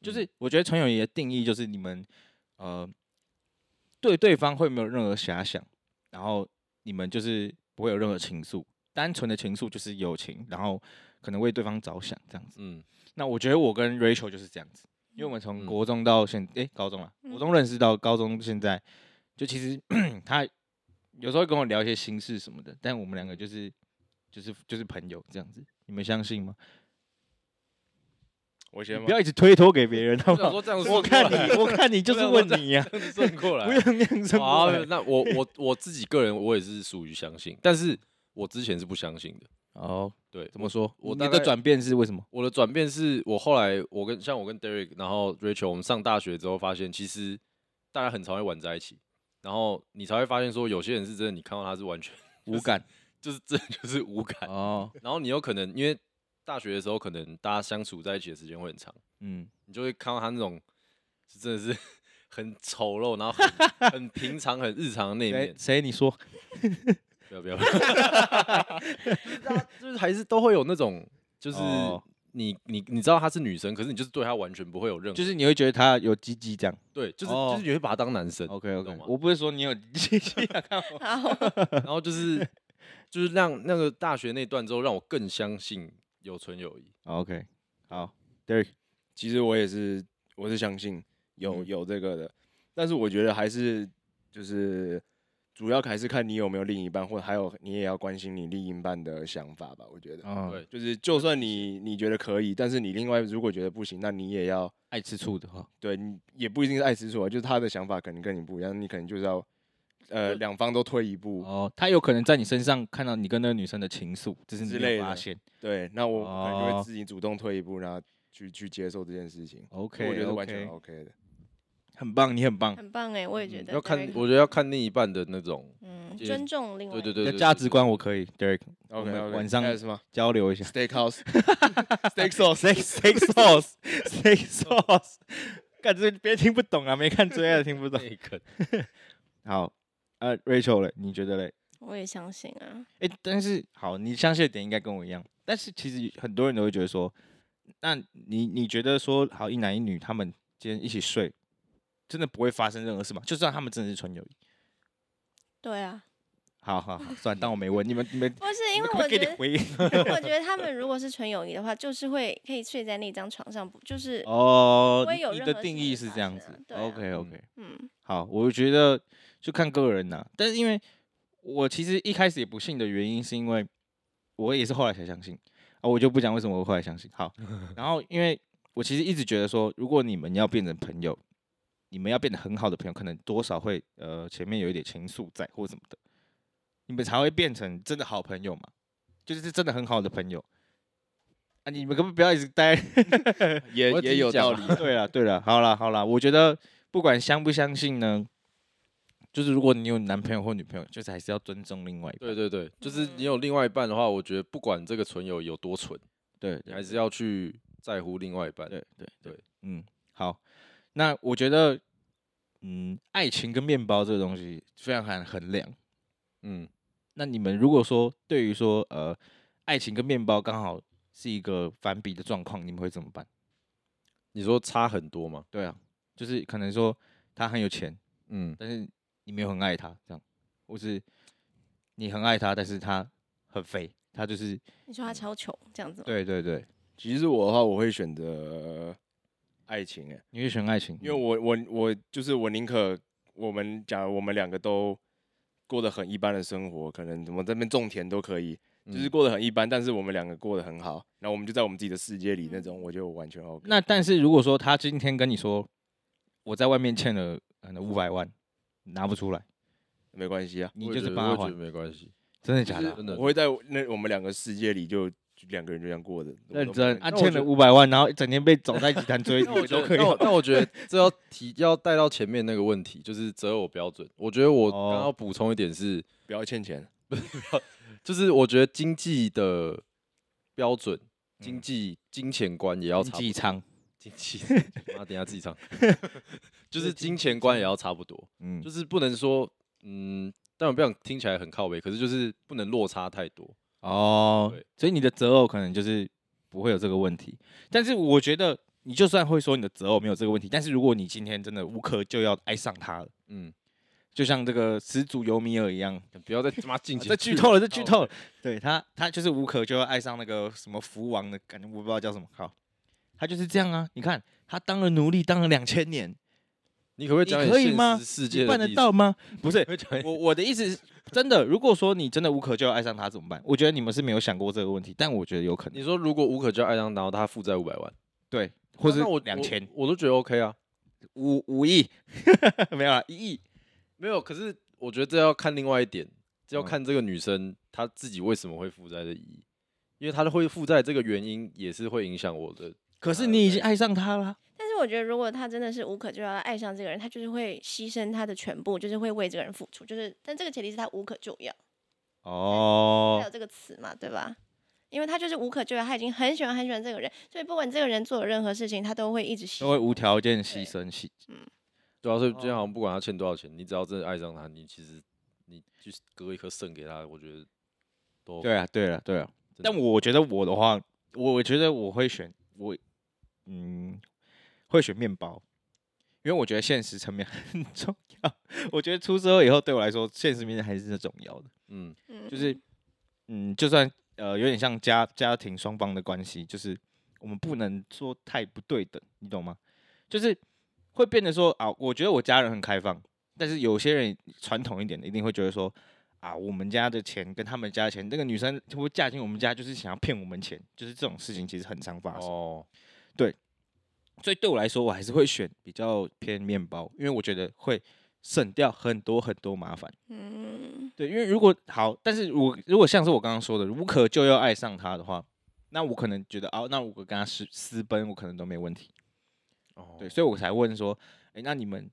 就是我覺得純友誼的定義就是你們呃對對方會沒有任何遐想，然後你們就是不會有任何情愫，單純的情愫就是友情，然後可能為對方着想這樣子。嗯。那我覺得我跟 Rachel 就是這樣子，因為我們從國中到現哎、嗯、高中啊，國中認識到高中現在就其實他有時候會跟我聊一些心事什麼的，但我們兩個就是就是就是朋友這樣子，你們相信嗎？我先不要一直推脫給別人。他們說這樣說，我看你，我看你就是問你呀、啊，你過來，不這樣過來、啊。不要這樣子。好，那我我我自己個人，我也是屬於相信，但是我之前是不相信的。哦，對，怎麼說？我，我你的轉變是為什麼？我的轉變是我後來我跟像我跟 Derek，然後 Rachel，我們上大學之後發現，其實大家很常會玩在一起，然後你才會發現說，有些人是真的，你看到他是完全無感，就是真的、就是、就是無感。哦。然後你有可能因為。大學的時候，可能大家相處在一起的時間會很長，嗯，你就會看到他那種是真的是很醜陋，然後很， *laughs* 很平常、很日常的那一面。誰？你說？不要不要 *laughs* *laughs* 就是他！就是還是都會有那種，就是、oh. 你你你知道她是女生，可是你就是對她完全不會有任何，就是你會覺得她有雞雞這樣。對，就是、oh. 就是你會把她當男生。OK OK，我不會說你有雞雞、啊，然 *laughs* 後好 *laughs* 然後就是就是讓那個大學那段之後，讓我更相信。有純友誼、oh,，OK，好，Derek，其實我也是，我是相信有、嗯、有這個的，但是我覺得還是就是主要還是看你有沒有另一半，或者還有你也要關心你另一半的想法吧。我覺得，對、嗯，就是就算你你覺得可以，但是你另外如果覺得不行，那你也要愛吃醋的話，對你也不一定是愛吃醋，就是他的想法可能跟你不一樣，你可能就是要。呃，兩方都退一步、哦，他有可能在你身上看到你跟那個女生的情愫，這是你的發現。對，那我可能就會自己主動退一步呢，然後去去接受這件事情。OK，我覺得完全 okay, OK 很棒，你很棒，很棒哎、欸，我也覺得、嗯 Derek。要看，我覺得要看另一半的那種，嗯，尊重另外對對對價值觀我可以。Derek，OK，、okay, okay. 晚上 hey, 嗎交流一下。Steak *laughs* house. Steak sauce. *laughs* Steak sauce. S *laughs* t *laughs* eak sauce. 感覺別人聽不懂啊，沒看最愛聽不懂。 *laughs* *laughs* 好。呃、uh，Rachel 呢？你覺得嘞？我也相信啊。哎、欸，但是好，你相信的點應該跟我一樣。但是其實很多人都會覺得說，那你你覺得說，好一男一女他們今天一起睡，真的不會發生任何事嗎？就算他們真的是純友誼。對啊。好好好，算當我沒問。你們沒 *laughs* 不是你們因為我覺得， *laughs* 因為我覺得他們如果是純友誼的話，就是會可以睡在那張床上，不就是哦？你的定義是這樣子、啊。OK OK，嗯，好，我覺得。就看個人啦、啊，但是因為我其實一開始也不信的原因，是因為我也是後來才相信啊，我就不講為什麼我會後來相信。好， *laughs* 然後因為我其實一直覺得說，如果你們要變成朋友，你們要變得很好的朋友，可能多少會呃前面有一點情愫在或什麼的，你們才會變成真的好朋友嘛，就是真的很好的朋友啊，你們可不可以不要一直待？ *laughs* 也有也有道理、啊。對了對了，好了好了，我覺得不管相不相信呢。就是如果你有男朋友或女朋友，就是還是要尊重另外一半。對對對，就是你有另外一半的話，我覺得不管這個純友有，有多純，對，你還是要去在乎另外一半。對對對，嗯，好。那我覺得，嗯，愛情跟麵包這個東西非常難衡量，嗯，那你們如果說對於說呃愛情跟麵包剛好是一個反比的狀況，你們會怎麼辦？你說差很多嗎？對啊，就是可能說他很有錢，嗯，但是。你沒有很愛他，這樣，或是你很愛他，但是他很肥，他就是你說他超窮、嗯、這樣子嗎？對對對，其實我的話我會選擇愛情誒，你會選愛情？因為我我我就是我寧可我們假如我們兩個都過得很一般的生活，可能怎麼在這邊種田都可以，就是過得很一般，嗯、但是我們兩個過得很好，那我們就在我們自己的世界裡那種，嗯、我就完全 OK。那但是如果說他今天跟你說，我在外面欠了可能五百萬。嗯拿不出來，沒關係啊，你就是八號，沒關係，真的假的、啊？真的，我會在我那我們兩個世界裡就兩個人就這樣過的。認真？他欠了五百萬，然後一整天被總在集團追，那我都可以，但但 *laughs* 但就可以但。但我覺得這要提 *laughs* 要帶到前面那個問題，就是擇偶標準。我覺得我剛剛補充一點是，不要欠錢， *laughs* 就是我覺得經濟的標準，經濟金錢觀也要自己唱。自、嗯、己，媽，等下自己唱。 *laughs* 就是金錢觀也要差不多，嗯，就是不能說，嗯，但我不想聽起來很靠北，可是就是不能落差太多哦。所以你的擇偶可能就是不會有這個問題。但是我覺得你就算會說你的擇偶沒有這個問題，但是如果你今天真的無可救藥愛上他了，嗯，就像這個始祖尤米爾一樣，不要再他媽劇透了，這劇透了，對他，他就是無可救藥愛上那個什麼福王的感覺，我不知道叫什麼，好，他就是這樣啊，你看他當了奴隸當了兩千年。你可不可以講現實世界，你可以嗎？你辦得到嗎？不是，我我的意思是，真的，如果說你真的無可救藥愛上他怎麼辦？我覺得你們是沒有想過這個問題。但我覺得有可能。你說如果無可救藥愛上他，然後他負債五百萬，對，或者我兩千，我都覺得 OK 啊。五五億 *laughs* 沒有，啊，一億沒有。可是我覺得這要看另外一點，這要看這個女生她、嗯、自己為什麼會負債的意義，因為她會負債這個原因也是會影響我的。可是你已經愛上他了。 *laughs* 我覺得，如果他真的是無可救藥的愛上這個人，他就是會犧牲他的全部，就是會為這個人付出。就是，但這個前提是他無可救藥。哦，oh.，還有這個詞嘛？對吧？因為他就是無可救藥，啊，他已經很喜歡很喜歡這個人，所以不管這個人做了任何事情，他都會一直都會無條件犧牲，犧牲，犧牲。嗯，主要是以就好像不管他欠多少錢，你只要真的愛上他，你其實你就是割一顆腎給他，我覺得對啊，對啊，對啊。但我覺得我的話，我覺得我會選我，嗯。會選麵包，因為我覺得現實層面很重要。我覺得出社會以後，對我來說，現實面還是很重要的。嗯，嗯就是，嗯，就算呃，有點像家家庭雙方的關係，就是我們不能說太不對等，你懂嗎？就是會變得說啊，我覺得我家人很開放，但是有些人傳統一點的，一定會覺得說啊，我們家的錢跟他們家的錢，那個女生會嫁進我們家，就是想要騙我們錢，就是這種事情其實很常發生。哦，對。所以對我來說，我還是會選比較偏面包，因為我覺得會省掉很多很多麻煩、嗯。對，因為如果好，但是我如,如果像是我剛剛說的無可救藥愛上他的話，那我可能覺得哦、啊，那我跟他私私奔，我可能都沒問題。哦，對，所以我才問說，誒、欸，那你們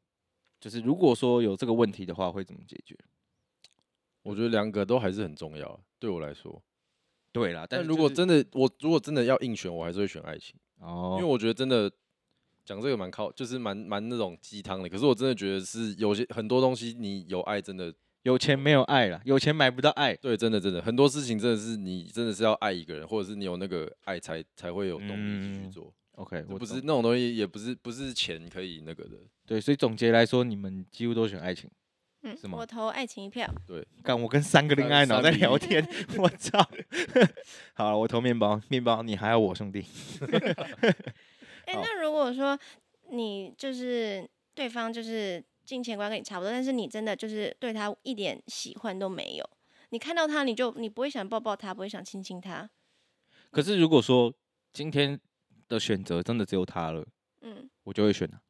就是如果說有這個問題的話，會怎麼解決？我覺得兩個都還是很重要，對我來說。對啦，但,是、就是、但如果真的我如果真的要硬選，我還是會選愛情。哦，因為我覺得真的。講這個蠻靠，就是蠻蠻那種雞湯的。可是我真的覺得是有些很多東西，你有愛真的有錢沒有愛了，有錢買不到愛。對，真的真的很多事情真的是你真的是要愛一個人，或者是你有那個愛才才會有動力繼續做。嗯，OK，我不是我那種東西，也不是不是錢可以那個的。對，所以總結來說，你們幾乎都選愛情，嗯，是嗎？我投愛情一票。對，但我跟三個戀愛腦在聊天，三比一，我操！ *laughs* 好，我投面包，麵包，你還要我兄弟？ *laughs* 哎、欸，那如果說你就是對方，就是金錢觀跟你差不多，但是你真的就是對他一點喜歡都沒有。你看到他你就你不會想抱抱他，不會想親親他。可是如果說今天的選擇真的只有他了，嗯，我就會選他、啊。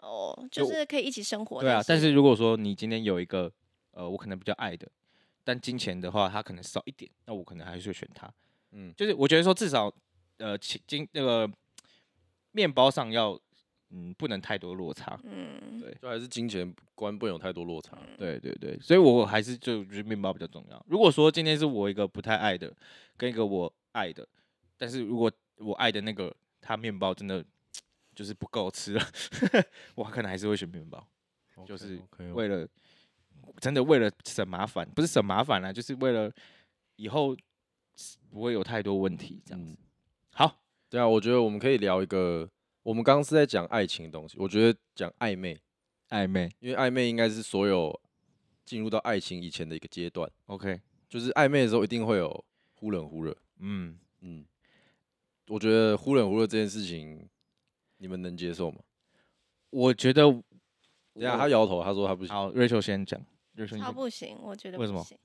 哦，就是可以一起生活。對啊，但是如果說你今天有一個呃，我可能比較愛的，但金錢的話他可能少一點，那我可能還是會選他。嗯，就是我覺得說至少呃，今那個。呃麵包上要，嗯，不能太多落差，嗯，對，就還是金錢觀不能有太多落差，對對對，所以我還是就覺得麵包比較重要。如果說今天是我一個不太愛的跟一個我愛的，但是如果我愛的那個他麵包真的就是不夠吃了呵呵，我可能還是會選麵包，okay, 就是為了 okay, okay, okay. 真的為了省麻煩，不是省麻煩啊，就是為了以後不會有太多問題這樣子。嗯對啊，我覺得我們可以聊一個，我們剛剛是在講愛情的東西，我覺得講曖昧，曖昧，因為曖昧應該是所有進入到愛情以前的一個階段，OK，就是曖昧的時候一定會有忽冷忽熱，嗯嗯，我覺得忽冷忽熱這件事情，你們能接受嗎？我覺得，等下他搖頭，他說他不行。好，Rachel 先講，Rachel 先講，他不行，我覺得不行。為什麼？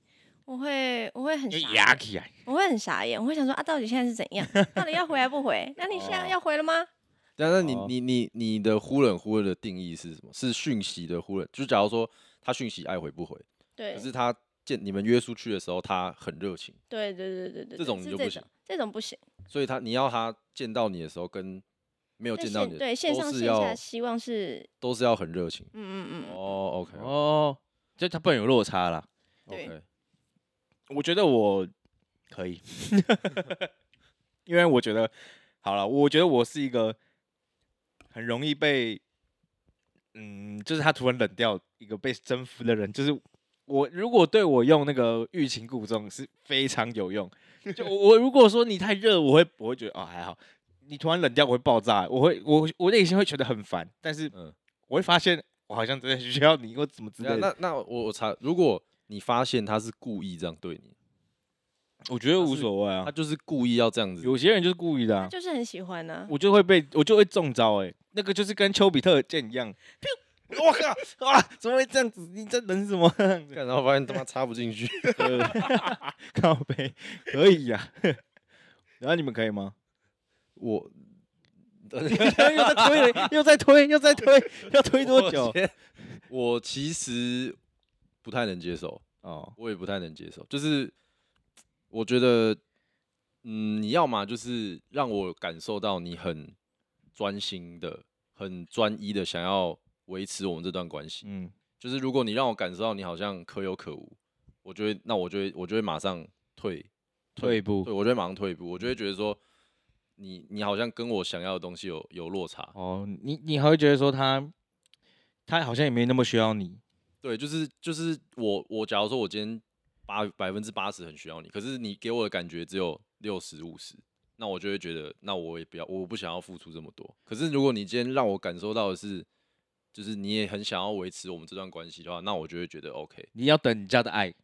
我會我會很傻我會很傻眼，我會想說啊，到底現在是怎樣？ *laughs* 到底要回還不回？那你現在要，oh. 要回了嗎？但是你、oh. 你你你的忽冷忽熱的定義是什麼？是訊息的忽冷？就是假如說他訊息愛回不回？對。可是他見你們約出去的時候，他很熱情。對對對對對。這種你就不行這。這種不行。所以他你要他見到你的時候跟沒有見到你的對線上線下希望是都是要，都是要很熱情。嗯嗯嗯。哦、oh，OK，哦、oh, okay.，oh, okay. 就他不能有落差啦。Okay. 對。我覺得我可以 *laughs* ， *laughs* 因為我覺得好了，我覺得我是一個很容易被，嗯，就是他突然冷掉一個被征服的人，就是我如果對我用那個欲擒故縱是非常有用。就我如果說你太熱，我會我會覺得哦還好，你突然冷掉我會爆炸，我會我我內心會覺得很煩，但是我會發現我好像真的需要你，我怎麼之類的。嗯、那那我我查，如果。你發現他是故意這樣對你，我覺得無所謂啊，他就是故意要這樣子。有些人就是故意的，啊，就是很喜歡啊。我就會被，我就會中招哎、欸，那個就是跟丘比特箭一樣，我 *laughs* 靠哇，怎麼會這樣子？你這人是什麼樣？然後發現他媽插不進去， *laughs* *laughs* 靠背可以呀，啊， *laughs* 然後你們可以嗎？我 *laughs* 又在推，又在推，又在推，要推多久？我，我其實不太能接受。哦，我也不太能接受，就是我覺得，嗯，你要嘛就是讓我感受到你很專心的、很專一的想要維持我們這段關係，嗯，就是如果你讓我感受到你好像可有可無，我就會，那我就會我就會馬上退退一步，對，我就會馬上退一步，我就會覺得說你你好像跟我想要的東西有有落差哦，你你還會覺得說他他好像也沒那麼需要你。對，就是就是我我假如說，我今天八百分之八十很需要你，可是你給我的感覺只有六十五十，那我就會覺得，那我也不要，我不想要付出這麼多。可是如果你今天讓我感受到的是，就是你也很想要維持我們這段關係的話，那我就會覺得 OK。你要等價的愛，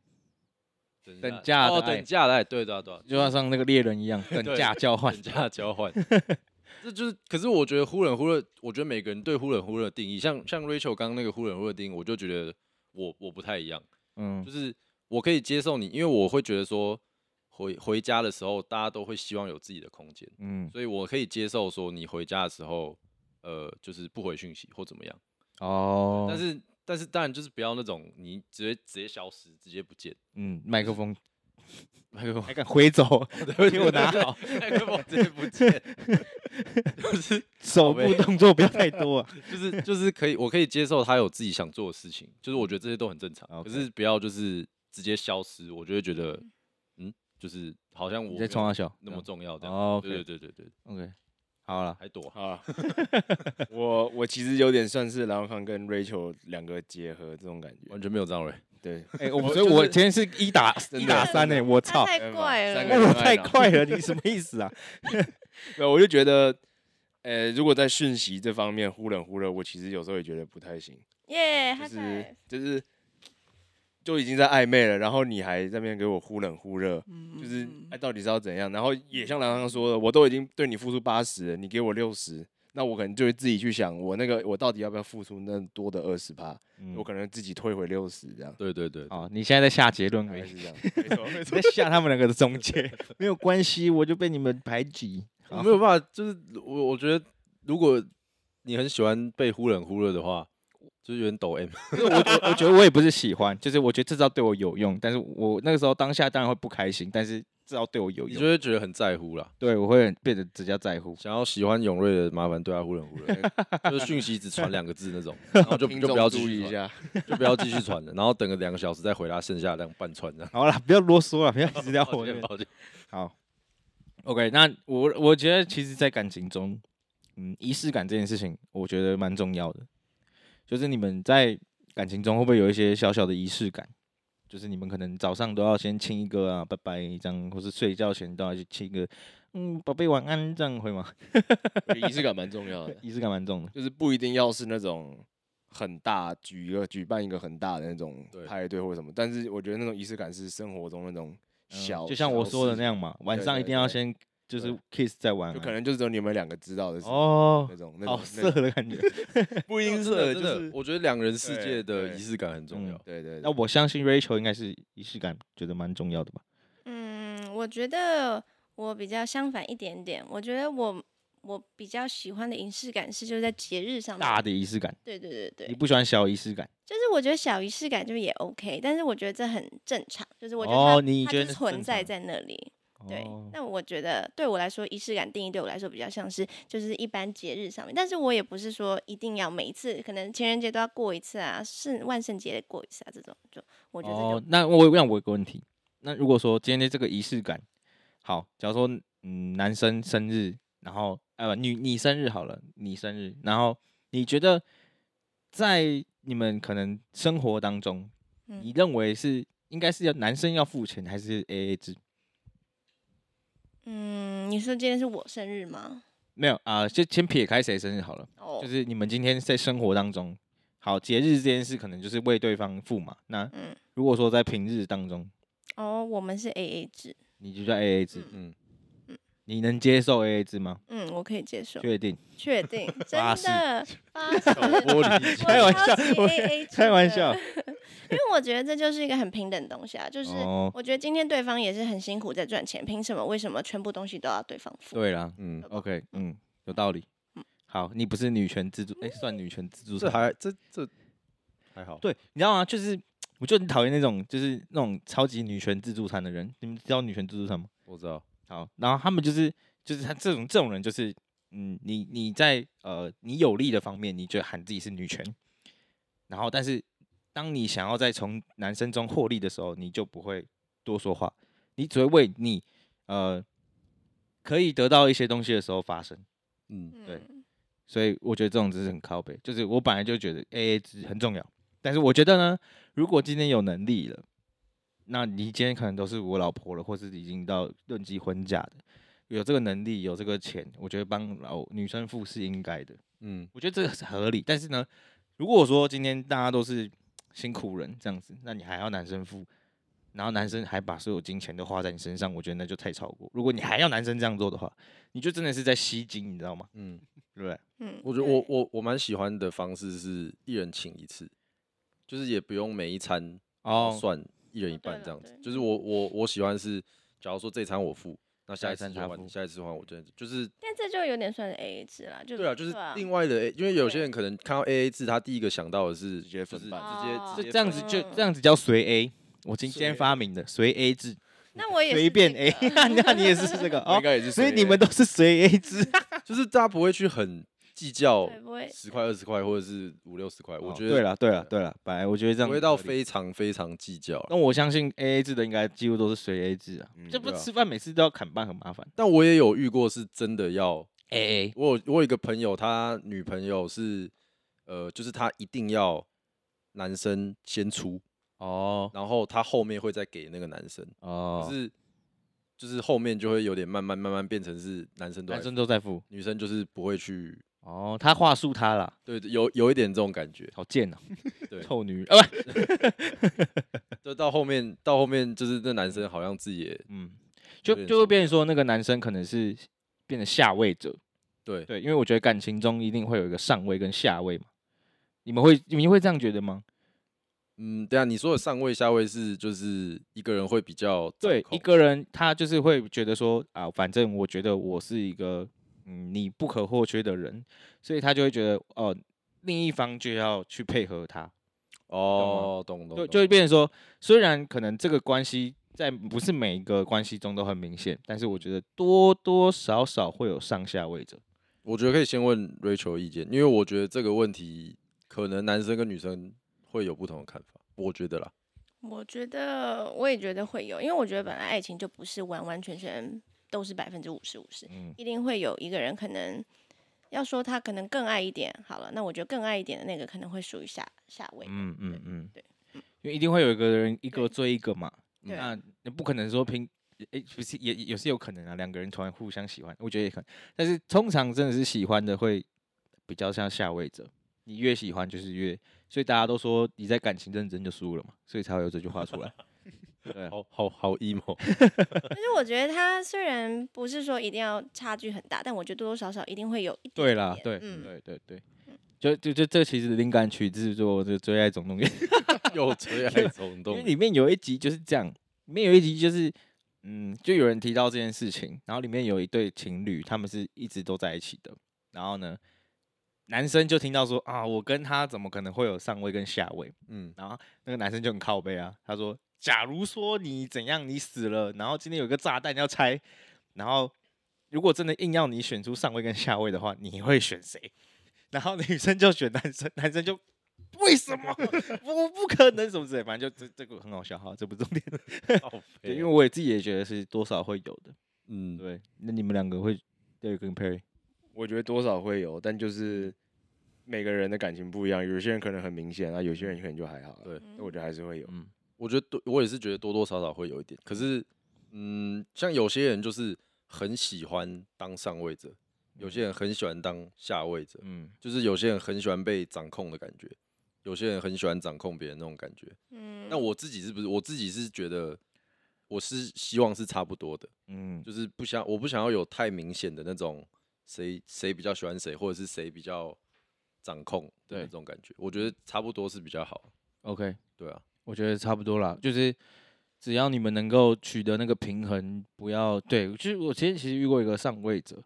等價、哦、的愛，哦、等價的愛，對的對，對，對，就像像那個獵人一樣，等價交換，等價交換。 *laughs* *laughs* 這就是，可是我覺得忽冷忽熱，我覺得每個人對忽冷忽熱定義，像像 Rachel 剛，剛那個忽冷忽熱定義，我就覺得。我我不太一樣，嗯，就是我可以接受你，因為我會覺得說回回家的時候，大家都會希望有自己的空間，嗯，所以我可以接受說你回家的時候，呃，就是不回訊息或怎麼樣，哦，嗯、但是但是當然就是不要那種你直接直接消失，直接不見，嗯，就是、麥克風。還敢回走？ *laughs* 喔、對不起，我拿好。那個我直接不見。就是，手部動作不要太多、啊， *laughs* 就是就是可以，我可以接受他有自己想做的事情，就是我覺得這些都很正常。Okay. 可是不要就是直接消失，我就會覺得，嗯，就是好像我在衝他笑那麼重要這，這 *laughs* 哦，okay. 對對對對對，OK，好了，還躲。好了。 *laughs* *laughs* 我我其實有點算是藍方跟 Rachel 兩個結合這種感覺，完全沒有張瑞。Ray 對，哎、欸，我所、就、以、是、 *laughs* 我今天是一打的一打三呢、欸，我操，太怪了，太快了，你什麼意思啊？對， *laughs* *laughs* 我就覺得，呃、欸，如果在訊息這方面忽冷忽熱，我其實有時候也覺得不太行。耶、yeah, 就是，就是就是就已經在曖昧了，然後你還在那邊給我忽冷忽熱，mm-hmm. 就是哎、啊，到底是要怎樣？然後也像剛剛說的，我都已經對你付出八十，你給我六十。那我可能就會自己去想，我那個我到底要不要付出那多的二十趴？嗯、我可能自己退回六十這樣。對對對、對。啊、哦，你現在在下結論還是這樣？ *laughs* 沒錯沒錯。 *laughs* 在下他們兩個的總結， *laughs* 沒有關係，我就被你們排擠，沒有辦法。就是我我覺得，如果你很喜歡被忽冷忽熱的話。就是有點抖 M， *laughs* 我我我覺得我也不是喜歡，就是我覺得這招對我有用，嗯。但是我那個時候當下當然會不開心，但是這招對我有用，你就會覺得很在乎了。對，我會變得比較在乎。想要喜歡永瑞的，麻煩對他忽冷忽熱。 *laughs* 就是訊息只傳兩個字那種， *laughs* 然後就就不要注意一下， *laughs* 就不要繼續傳了，然後等個兩個小時再回他剩下那半串。好了，不要囉嗦了，不要一直撩我。好，OK，那我我覺得其實，在感情中，嗯，儀式感這件事情，我覺得蠻重要的。就是你們在感情中會不會有一些小小的儀式感？就是你們可能早上都要先親一個啊，拜拜這樣，或是睡覺前都要去親一個，嗯，寶貝晚安這樣會嗎？儀 *laughs* 式感蠻重要的，儀 *laughs* 式感蠻重要的，就是不一定要是那種很大舉一個舉辦一個很大的那種派對或者什麼，但是我覺得那種儀式感是生活中那種小，嗯，就像我說的那樣嘛，對對對對，晚上一定要先。就是 kiss 在玩,玩，就可能就只有你們兩個知道的事、oh, oh, 哦，那種那種色的感覺， *laughs* 不陰 *noise* 色 *laughs* 真的就是我覺得兩人世界的儀式感很重要，對對,對,對,對對。那我相信 Rachel 應該是儀式感覺得蠻重要的吧？嗯，我覺得我比較相反一點點，我覺得我我比較喜歡的儀式感是就是在節日上大的儀式感，對對對對。你不喜歡小儀式感？就是我覺得小儀式感就也 OK，但是我覺得這很正常，就是我覺得它,、oh, 它就存在在那裡。對，那我覺得對我來說，儀式感定義對我來說比較像是就是一般節日上面，但是我也不是說一定要每一次可能情人節都要過一次啊，聖萬聖節過一次啊，這種就我覺得、哦、那我讓我有一個問題，那如果說今天的這個儀式感，好，假如說嗯男生生日，然後呃女你，你生日好了，你生日，然後你覺得在你們可能生活當中，你認為是、嗯、應該是要男生要付錢還是 AA 制？嗯，你說今天是我生日嗎？沒有啊，就先撇開誰生日好了。哦、oh.，就是你們今天在生活當中，好節日這件事可能就是為對方付嘛。那，嗯，如果說在平日當中，哦、oh,，我們是 A A 制，你就叫 A A 制，嗯。嗯。你能接受 A A 制嗎？嗯，我可以接受。確定？確定？真的？發生 *laughs* 超級？ *laughs* 開玩笑？A A？開玩笑？因為我覺得這就是一個很平等的東西啊，就是我覺得今天對方也是很辛苦在賺錢，憑什麼？為什麼全部東西都要對方付？對啦，嗯，OK，嗯，有道理、嗯。好，你不是女權自助？哎、嗯欸，算女權自助餐？這還這這還好？對，你知道嗎？就是我就很討厭那種就是那種超級女權自助餐的人。你們知道女權自助餐嗎？我知道。好，然後他們就是，就是他這種這種人就是，嗯，你你在呃你有利的方面，你就喊自己是女權，然後但是當你想要再從男生中獲利的時候，你就不會多說話，你只會為你呃可以得到一些東西的時候發聲，嗯，對，所以我覺得這種只是很靠北，就是我本來就覺得 AA 制，欸，很重要，但是我覺得呢，如果今天有能力了。那你今天可能都是我老婆了，或是已經到論及婚嫁的，有這個能力有這個錢，我覺得幫老女生付是應該的，嗯，我覺得這個是合理。但是呢，如果我說今天大家都是辛苦人這樣子，那你還要男生付，然後男生還把所有金錢都花在你身上，我覺得那就太超過。如果你還要男生這樣做的話，你就真的是在吸金，你知道嗎？嗯， *laughs* 對不對？嗯，我覺得我我我蠻喜歡的方式是一人請一次，就是也不用每一餐算哦算。一人一半這樣子，對對對，就是我我我喜歡是，假如說這一餐我付,那下一次餐就換，下一次換我這樣子，就是。但這就有點算是 A A 制了，就是、對啊，就是另外的 A，因為有些人可能看到 A A 制，他第一個想到的是對對對、就是、直接分直直接這樣子，就這樣子、嗯、這樣子叫隨 A，我今天，今天發明的隨 A 制，那我也隨、這個、便 A， *laughs* 那你也是這個啊、哦，所以你們都是隨 A 制， *laughs* 就是大家不會去很計較十塊二十塊，或者是五六十塊，oh, 我覺得對了對了對了。本來我覺得這樣味道非常非常計較。那我相信 A A 制的應該幾乎都是隨 A 制啊，嗯、啊，就不吃飯每次都要砍半很麻煩。但我也有遇過是真的要 A A。我有我有一個朋友，他女朋友是呃，就是他一定要男生先出哦，oh. 然後他後面會再給那個男生哦，oh. 就是就是後面就會有點慢慢慢慢變成是男生都男生都在付，女生就是不會去。哦，他話術他了，對，有有一點這種感覺，好賤哦，對， *laughs* 臭女人啊，不 *laughs* *laughs* *laughs* 就到後面，到後面就是這男生好像自己，嗯，就就會變成說那個男生可能是變成下位者，對，對，因為我覺得感情中一定會有一個上位跟下位嘛，你們會你們會這樣覺得嗎？嗯，對啊，你說的上位下位是就是一個人會比較，對，一個人他就是會覺得說啊，反正我覺得我是一個。嗯，你不可或缺的人，所以他就會覺得哦、呃，另一方就要去配合他。哦，懂懂，懂。就就會變成說，雖然可能這個關係在不是每一個關係中都很明顯，但是我覺得多多少少會有上下位者。我覺得可以先問 Rachel 意見，因為我覺得這個問題可能男生跟女生會有不同的看法。我覺得啦，我覺得我也覺得會有，因為我覺得本來愛情就不是完完全全。都是百分之五十五十，一定會有一個人可能要說他可能更愛一點。好了，那我覺得更愛一點的那個可能會屬於下下位。嗯嗯嗯，對，因為一定會有一個人一個追一個嘛。嗯、那不可能說平，哎、欸，不是也，也是有可能啊，兩個人同樣互相喜歡，我覺得也可能。但是通常真的是喜歡的會比較像下位者，你越喜歡就是越，所以大家都說你在感情認真就輸了嘛，所以才會有這句話出來。 *laughs* 對，好好好，emo。但 *laughs* 是我覺得他雖然不是說一定要差距很大，但我覺得多多少少一定會有一點，點。對啦，對，嗯、對，對，對，對，對。就就就這其實靈感取自做這《最愛總動員，》 *laughs* 有最愛總動員。因，為因為裡面有一集就是這樣，裡面有一集就是，嗯，就有人提到這件事情，然後裡面有一對情侶，他們是一直都在一起的。然後呢，男生就聽到說啊，我跟他怎麼可能會有上位跟下位？嗯，然後那個男生就很靠背啊，他說。假如說你怎樣，你死了，然後今天有個炸彈要拆，然後如果真的硬要你選出上位跟下位的話，你會選誰？然後女生就選男生，男生就為什麼？我 *laughs* 不,不可能什麼之類，反正就這這個很好笑哈，這不重點。對、oh, *laughs* 因為我自己也覺得是多少會有的。嗯，對。那你們兩個會對，Derek 跟 Perry，我覺得多少會有，但就是每個人的感情不一樣，有些人可能很明顯啊，有些人可能就還好。對，那我覺得還是會有。嗯我覺得對，我也是覺得多多少少會有一點。可是，嗯，像有些人就是很喜歡當上位者，有些人很喜歡當下位者，嗯，就是有些人很喜歡被掌控的感覺，有些人很喜歡掌控別人的那種感覺，嗯。那我自己是不是？我自己是覺得我是希望是差不多的，嗯，就是不想，我不想要有太明顯的那種誰誰比較喜歡誰，或者是誰比較掌控的那種感覺。我覺得差不多是比較好。OK，對啊。我覺得差不多啦，就是只要你們能夠取得那個平衡，不要對。其實我其實其實遇過一個上位者，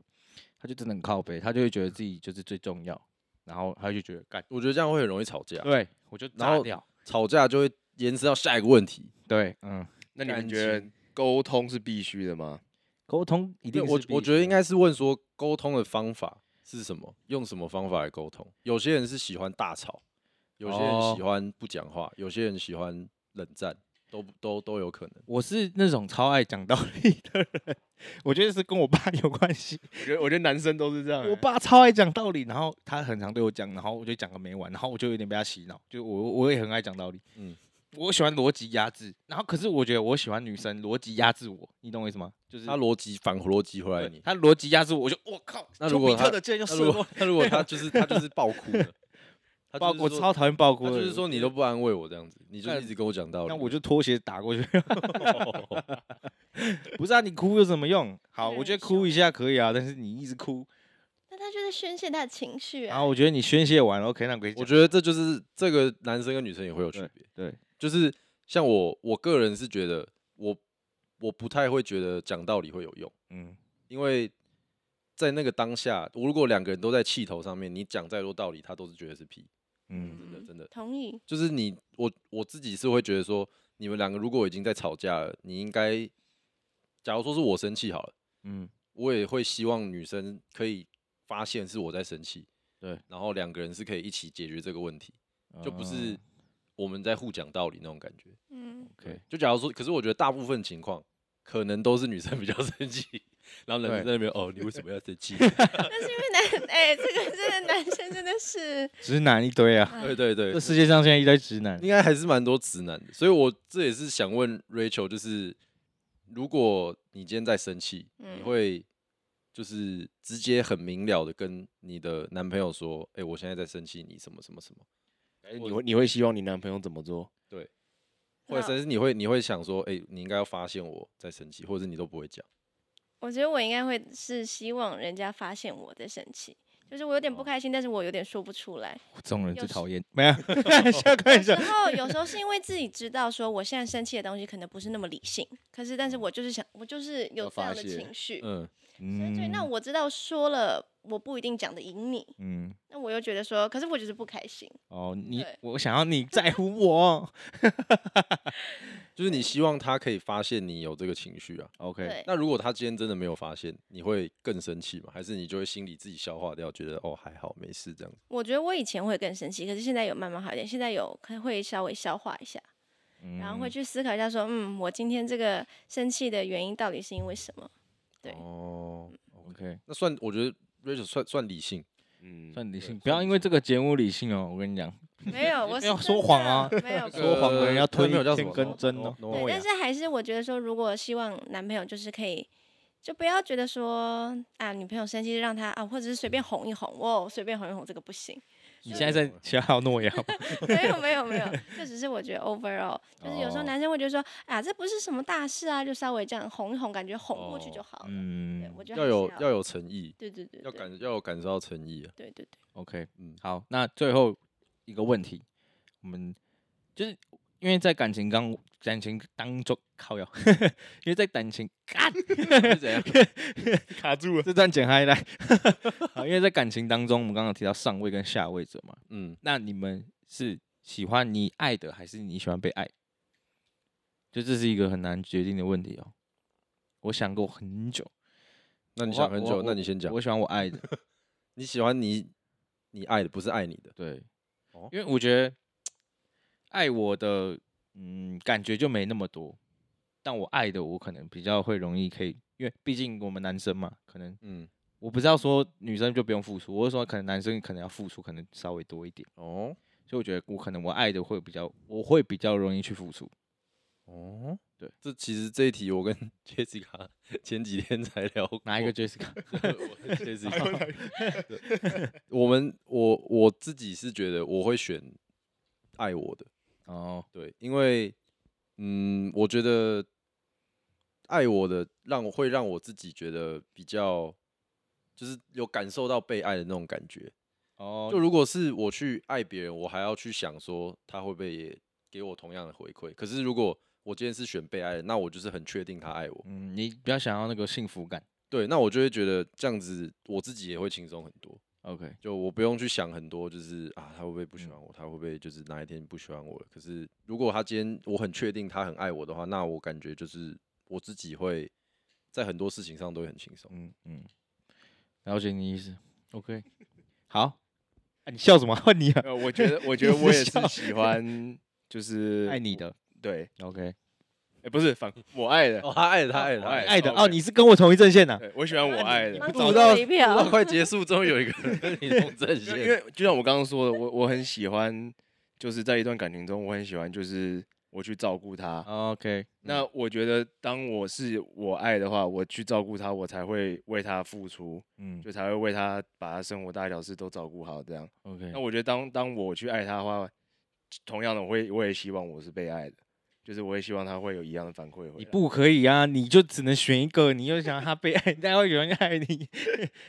他就真的很靠北，他就會覺得自己就是最重要，然後他就覺得，幹我覺得這樣會很容易吵架。對，我就然後吵架就會延遲到下一個問題。對，嗯，那你們覺得溝通是必須的嗎？溝通一定是我我覺得應該是問說溝通的方法是什麼？用什麼方法來溝通？有些人是喜歡大吵。有些人喜歡不講話，oh. 有些人喜歡冷戰，都都都有可能。我是那種超愛講道理的人，我覺得是跟我爸有關係。 *laughs* 我覺得我覺得男生都是這樣、欸，我爸超愛講道理，然後他很常對我講，然後我就講個沒完，然後我就有點被他洗腦。就我我也很愛講道理，嗯，我喜歡邏輯壓制。然後可是我覺得我喜歡女生邏輯壓制我，你懂我意思嗎？就是他邏輯反邏輯回來你，他邏輯壓制我，我就我靠！那如果他，那如果他就是 *laughs* 他就是爆哭的。 *laughs* 抱，我超討厭爆哭，就是說你都不安慰我這樣子，你就一直跟我講道理，那我就拖鞋打過去。 *laughs* *laughs* 不是啊，你哭有什麼用？好，我覺得哭一下可以啊，但是你一直哭，那他就是宣洩他的情緒啊、欸。然後我覺得你宣洩完了 *laughs* OK，那可以。我覺得這就是這個男生跟女生也會有區別，對，就是像我，我個人是覺得我我不太會覺得講道理會有用，嗯，因為在那個當下，我如果兩個人都在氣頭上面，你講再多道理，他都是覺得是屁。嗯，真的真的同意。就是你我我自己是會覺得說，你們兩個如果已經在吵架了，你應該，假如說是我生氣好了，嗯，我也會希望女生可以發現是我在生氣，對，然後兩個人是可以一起解決這個問題，啊、就不是我們在互講道理那種感覺。嗯，OK。就假如說，可是我覺得大部分情況可能都是女生比較生氣。然後男生在那邊哦，你為什麼要在生氣？那是因為男哎，這個這個男生真的是直男一堆啊！啊對對對，這世界上現在一堆直男，應該還是蠻多直男的。所以我這也是想問 Rachel，就是如果你今天在生氣，你會就是直接很明了的跟你的男朋友說：“哎、欸，我現在在生氣，你什麼什麼什麼。”哎，你會你會希望你男朋友怎麼做？對，或者是你會你會想說：“哎、欸，你應該要發現我在生氣。”或者是你都不會講。我覺得我應該會是希望人家發現我的生氣，就是我有點不開心，但是我有點說不出來。這種人最討厭，沒有笑看一下。然後有時候是因為自己知道說我現在生氣的東西可能不是那麼理性，可是但是我就是想，我就是有這樣的情緒，嗯嗯。所以對，那我知道說了。我不一定講得贏你，嗯，那我又覺得說，可是我就是不開心。哦，你我想要你在乎我， *laughs* *laughs* 就是你希望他可以發現你有這個情緒啊。OK，那如果他今天真的沒有發現，你會更生氣嗎？還是你就會心裡自己消化掉，覺得哦還好沒事這樣子？我覺得我以前會更生氣，可是現在有慢慢好一點，現在有會稍微消化一下，嗯、然後會去思考一下說，說嗯，我今天這個生氣的原因到底是因為什麼？對哦，OK，那算我覺得。算算理性，嗯，算理性，不要因為這個節目理性哦，我跟你講，沒有，我沒有說謊啊，沒有說謊的、啊沒有說謊的呃、人家推，沒有叫什麼跟真哦，對，但是還是我覺得說，如果希望男朋友就是可以，就不要覺得說啊女朋友生氣讓他啊，或者是隨便哄一哄，哦，隨便哄一哄這個不行。你現在在消好諾言？沒有沒有沒有，這只是我覺得 overall，就是有時候男生會覺得說，oh. 哎呀，這不是什麼大事啊，就稍微這樣哄一哄，感覺哄過去就好了。嗯、oh.，要有要有誠意，對，對對對，要感要有感受到誠意啊。對對對，OK，嗯，好，那最後一個問題，我們就是。因為在感情當感情當中靠腰。因為在感情 *laughs* 怎樣 *laughs* 卡住了， *laughs* 這段剪前 *laughs* 好，因為在感情當中，我們剛剛提到上位跟下位者嘛。嗯，那你們是喜歡你愛的，還是你喜歡被愛？就這是一個很難決定的問題哦、喔。我想過很久，那你想很久，那你先講、啊啊。我喜歡我愛的， *laughs* 你喜歡你你愛的，不是愛你的。對，哦、因為我覺得。愛我的，嗯，感覺就沒那麼多，但我愛的我可能比較會容易可以，因為畢竟我們男生嘛，可能，嗯，我不是要說女生就不用付出，我是說可能男生可能要付出，可能稍微多一點，哦，所以我覺得我可能我愛的會比較，我會比較容易去付出，哦，對，這其實這一題我跟 Jessica 前幾天才聊，哪一個 Jessica？我是 Jessica。我們我我自己是覺得我會選愛我的。哦、oh，對，因為，嗯，我覺得愛我的，讓我會讓我自己覺得比較，就是有感受到被愛的那種感覺。哦、oh，就如果是我去愛別人，我還要去想說他會不會也給我同樣的回饋。可是如果我今天是選被愛，那我就是很確定他愛我。嗯，你比較想要那個幸福感？對，那我就會覺得這樣子，我自己也會輕鬆很多。OK，就我不用去想很多，就是啊，他會不會不喜歡我？嗯，他會不會就是哪一天不喜歡我了？可是如果他今天我很確定他很愛我的話，那我感覺就是我自己會在很多事情上都會很輕鬆。嗯嗯，了解你意思。OK，好， *laughs* 啊、你笑什麼？換你了。呃，我覺得，我覺得我也是喜歡，就是 *laughs* 愛你的。對，OK。欸、不是反我愛的,、哦、他愛的，他愛的，他愛的，他愛的、OK、哦。你是跟我同一陣線、啊、對，我喜歡我愛的，嗯、那你你到找不到,不到快結束，終於有一個人跟你同陣線。 *laughs* 因為就像我剛剛說的，我我很喜歡，就是在一段感情中，我很喜歡，就是我去照顧他。啊、OK，、嗯、那我覺得，當我是我愛的話，我去照顧他，我才會為他付出，嗯，就才會為他把他生活大小事都照顧好，這樣 OK。那我覺得當，當當我去愛他的話，同樣的，我會我也希望我是被愛的。就是我也希望他會有一樣的反饋。你不可以啊，你就只能選一個。你又想他被愛， *laughs* 但會有人愛你。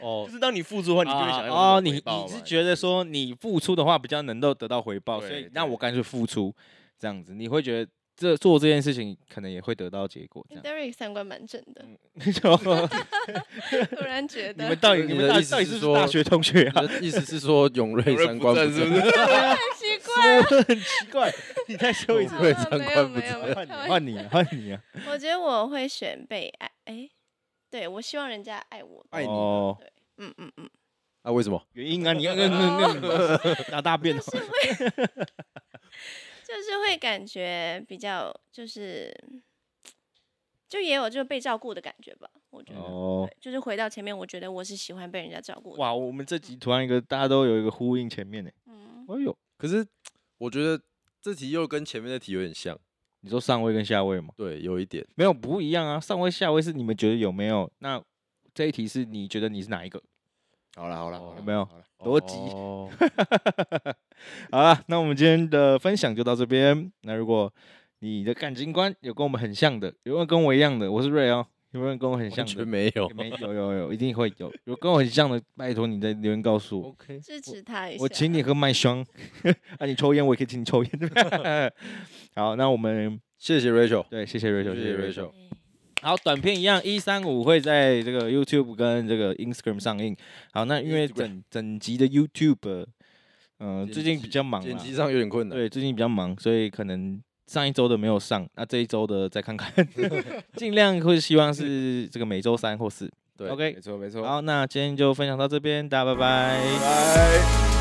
哦、oh,，就是當你付出的話，你就會想要哦，oh, 你你是覺得說你付出的話比較能夠得到回報，所以那我乾脆付出這樣子，你會覺得這做這件事情可能也會得到結果。這樣，Derek 三觀蠻正的。沒錯，突然覺得 *laughs* 你們到底 *laughs* 你們的意思是說是是大學同學啊？意思是說永瑞三觀不正？ *laughs* *laughs* 我很奇怪， *laughs* *laughs* 你在收禮物，怎麼換不着？換你，換 *laughs* 你、啊、你啊！我覺得我會選被愛，哎、欸，對我希望人家愛我，愛、哦、你。對，嗯嗯嗯。那、嗯啊、為什麼原因啊？你要你你拉大便？的、哦嗯嗯嗯嗯嗯嗯就是候， *laughs* 就是會感覺比較，就是就也有就是被照顧的感覺吧。我覺得，哦、就是回到前面，我覺得我是喜歡被人家照顧的。哇，我們這集突然一個、嗯、大家都有一個呼應前面呢。嗯。哎呦。可是我覺得這題又跟前面的題有點像，你說上位跟下位嗎？對，有一點，沒有不一樣啊。上位下位是你們覺得有沒有？那這一題是你覺得你是哪一個？好了好了，有沒有？好了，多吉。好了、哦， *laughs* 那我們今天的分享就到這邊。那如果你的感情觀有跟我們很像的，有沒有跟我一樣的？我是 Ray 哦。有沒有跟我很像的？沒有，沒有，有有，一定會有 *laughs* 有跟我很像的，拜託你在留言告訴我。OK，支持他一下。我請你喝麥香，那、 *laughs* *laughs* 啊、你抽煙，我也可以請你抽煙。對 *laughs* 好，那我們謝謝 Rachel，對，謝謝 Rachel，謝謝 Rachel，謝謝 Rachel。Okay. 好，短片一樣，一三五會在這個 YouTube 跟這個 Instagram 上映。好，那因為整 *laughs* 整集的 YouTube，嗯、呃，最近比較忙，剪輯上有點困難。對，最近比較忙，所以可能。上一週的沒有上，那、啊、這一週的再看看，盡 *laughs* 量會希望是這個每周三或四。對，OK，沒錯，沒錯。好，那今天就分享到這邊，大家拜拜。拜拜拜拜。